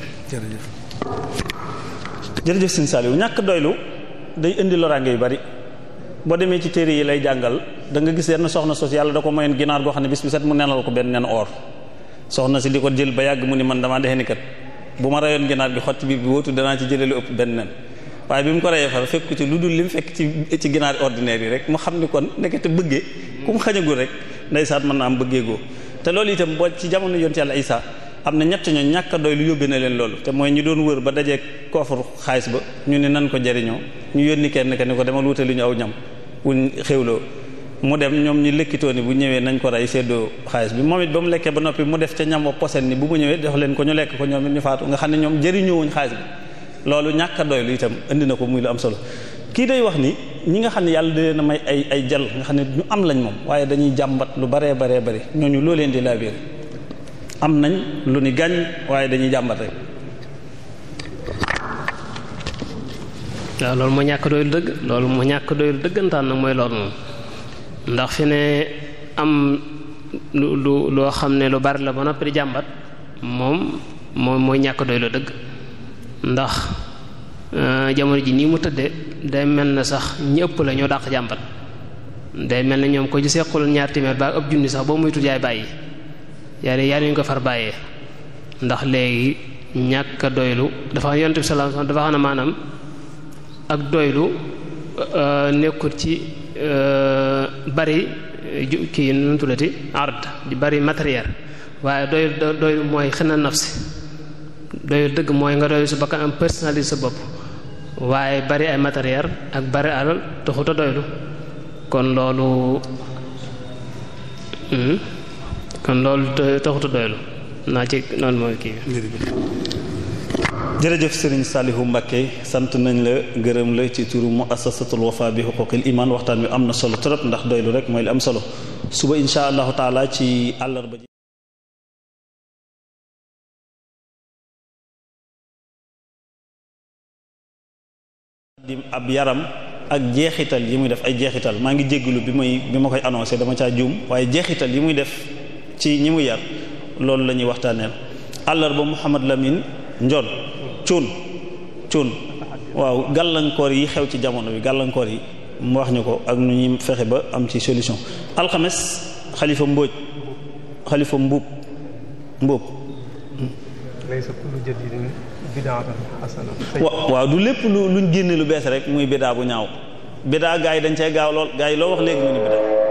S5: ñàkk doylu. day indi loraange yu bari boo demee ci téere yi lay jàngal da nga gis yenn soxna sos yàlla da ko mayoon ginaar goo xam ne bis bi set mu nenal ko benn nen or soxna si di ko jël ba yàgg mu ni man damaa dexe ni kat bu ma rayoon ginaar gi xott bi bi wóotu danaa ci jëlee lu ëpp benn nen waaye bi mu ko reyee far fekk ci lu dul li mu fekk ci ci ginaar ordinaire yi rek mu xam ni kon nekkete bëggee ku mu xañagul rek saat mën a am bëggee goo te loolu itam boo ci jamono yonent yàlla Isaa am na ñett ñoo ñàkk a doy yóbbe na leen loolu te mooy ñu doon wër ba dajee koofar xaalis ba ñu ne nan ko jariñoo ñu yónni kenn ka ne ko demal wutali ñu aw ñam wuñ xewloo mu dem ñoom ñu lëkkitoo bu ñëwee nañ ko rey seddoo xaalis bi moom it mu lekkee ba noppi mu def ca ñam wa posen ni bu mu ñëwee jox leen ko ñu lekk ko ñoom it ñu faatu nga xam ne ñoom jëriñoo wuñ xaalis bi loolu ñàkk a doy itam indi na ko muy lu am solo kii day wax ni ñi nga xam ne yàlla da na a may ay ay jal nga xam ne ñu am lañ moom waaye dañuy jàmbat lu baree baree bari ñooñu loo leen di laabiir am nañ lu ni gàññ waaye dañuy jàmbat rek
S3: waaw loolu moo ñàkk doyul dëgg loolu moo ñàkk doyul dëggantaan nag mooy loolu moom ndax fi ne am lu lu loo xam ne lu bari la ba noppi di jàmbat moom moom mooy ñàkk doylu dëgg ndax euh, jamono ji nii mu tëddee day mel na sax ñi ëpp la ñoo dàq jàmbat day mel na ñoom ko ci seqaloon ñaar téeméer ba ab junni sax boo muytul yaay bàyyi yaa ne yaa ñu ko far bàyyee ndax léegi ñàkk doylu dafa yonent bi sallallahu alayhi wasallam dafa xam ne maanaam ak doylu euh, nekkut ci euh, bari kii nu tulati ard di bari matériel waaye doylu doylu mooy xëna nafsi doylu dëgg mooy nga doylu sa bakkan am personnalisé sa bopp waaye bari ay matériel ak bari alal taxut a doylu kon loolu hmm? kon loolu taxutu doylu naa ci noonu mooy kii
S5: jërëjëf Serigne Salihu Mbacke sant nañ la gërëm la ci turu muassasatul wafa bi xuquqil
S2: iman waxtaan wi am na solo trop ndax doylu rek mooy li am solo suba insha allahu taala ci àllarba ji di ab yaram ak jeexital
S5: yi muy def ay jeexital maa ngi jéggalu bi may bi ma koy annoncé dama caa juum waaye jeexital yi muy def ci ñi mu yar loolu la ñuy waxtaaneel àllarba Mouhamad Lamine Njoon cuun cuun waaw gàllankoor yi xew ci jamono bi gàllankoor yi mu wax ñu ko ak nu ñuy fexe ba am ci solution alxames xalifa mbóoj xalifa mbuub mbuub waaw du lépp lu luñ génne lu bees rek muy bidaa bu ñaaw bidaa gaa yi dañ cee gaaw lool gaa yi loo wax léegi ñu ni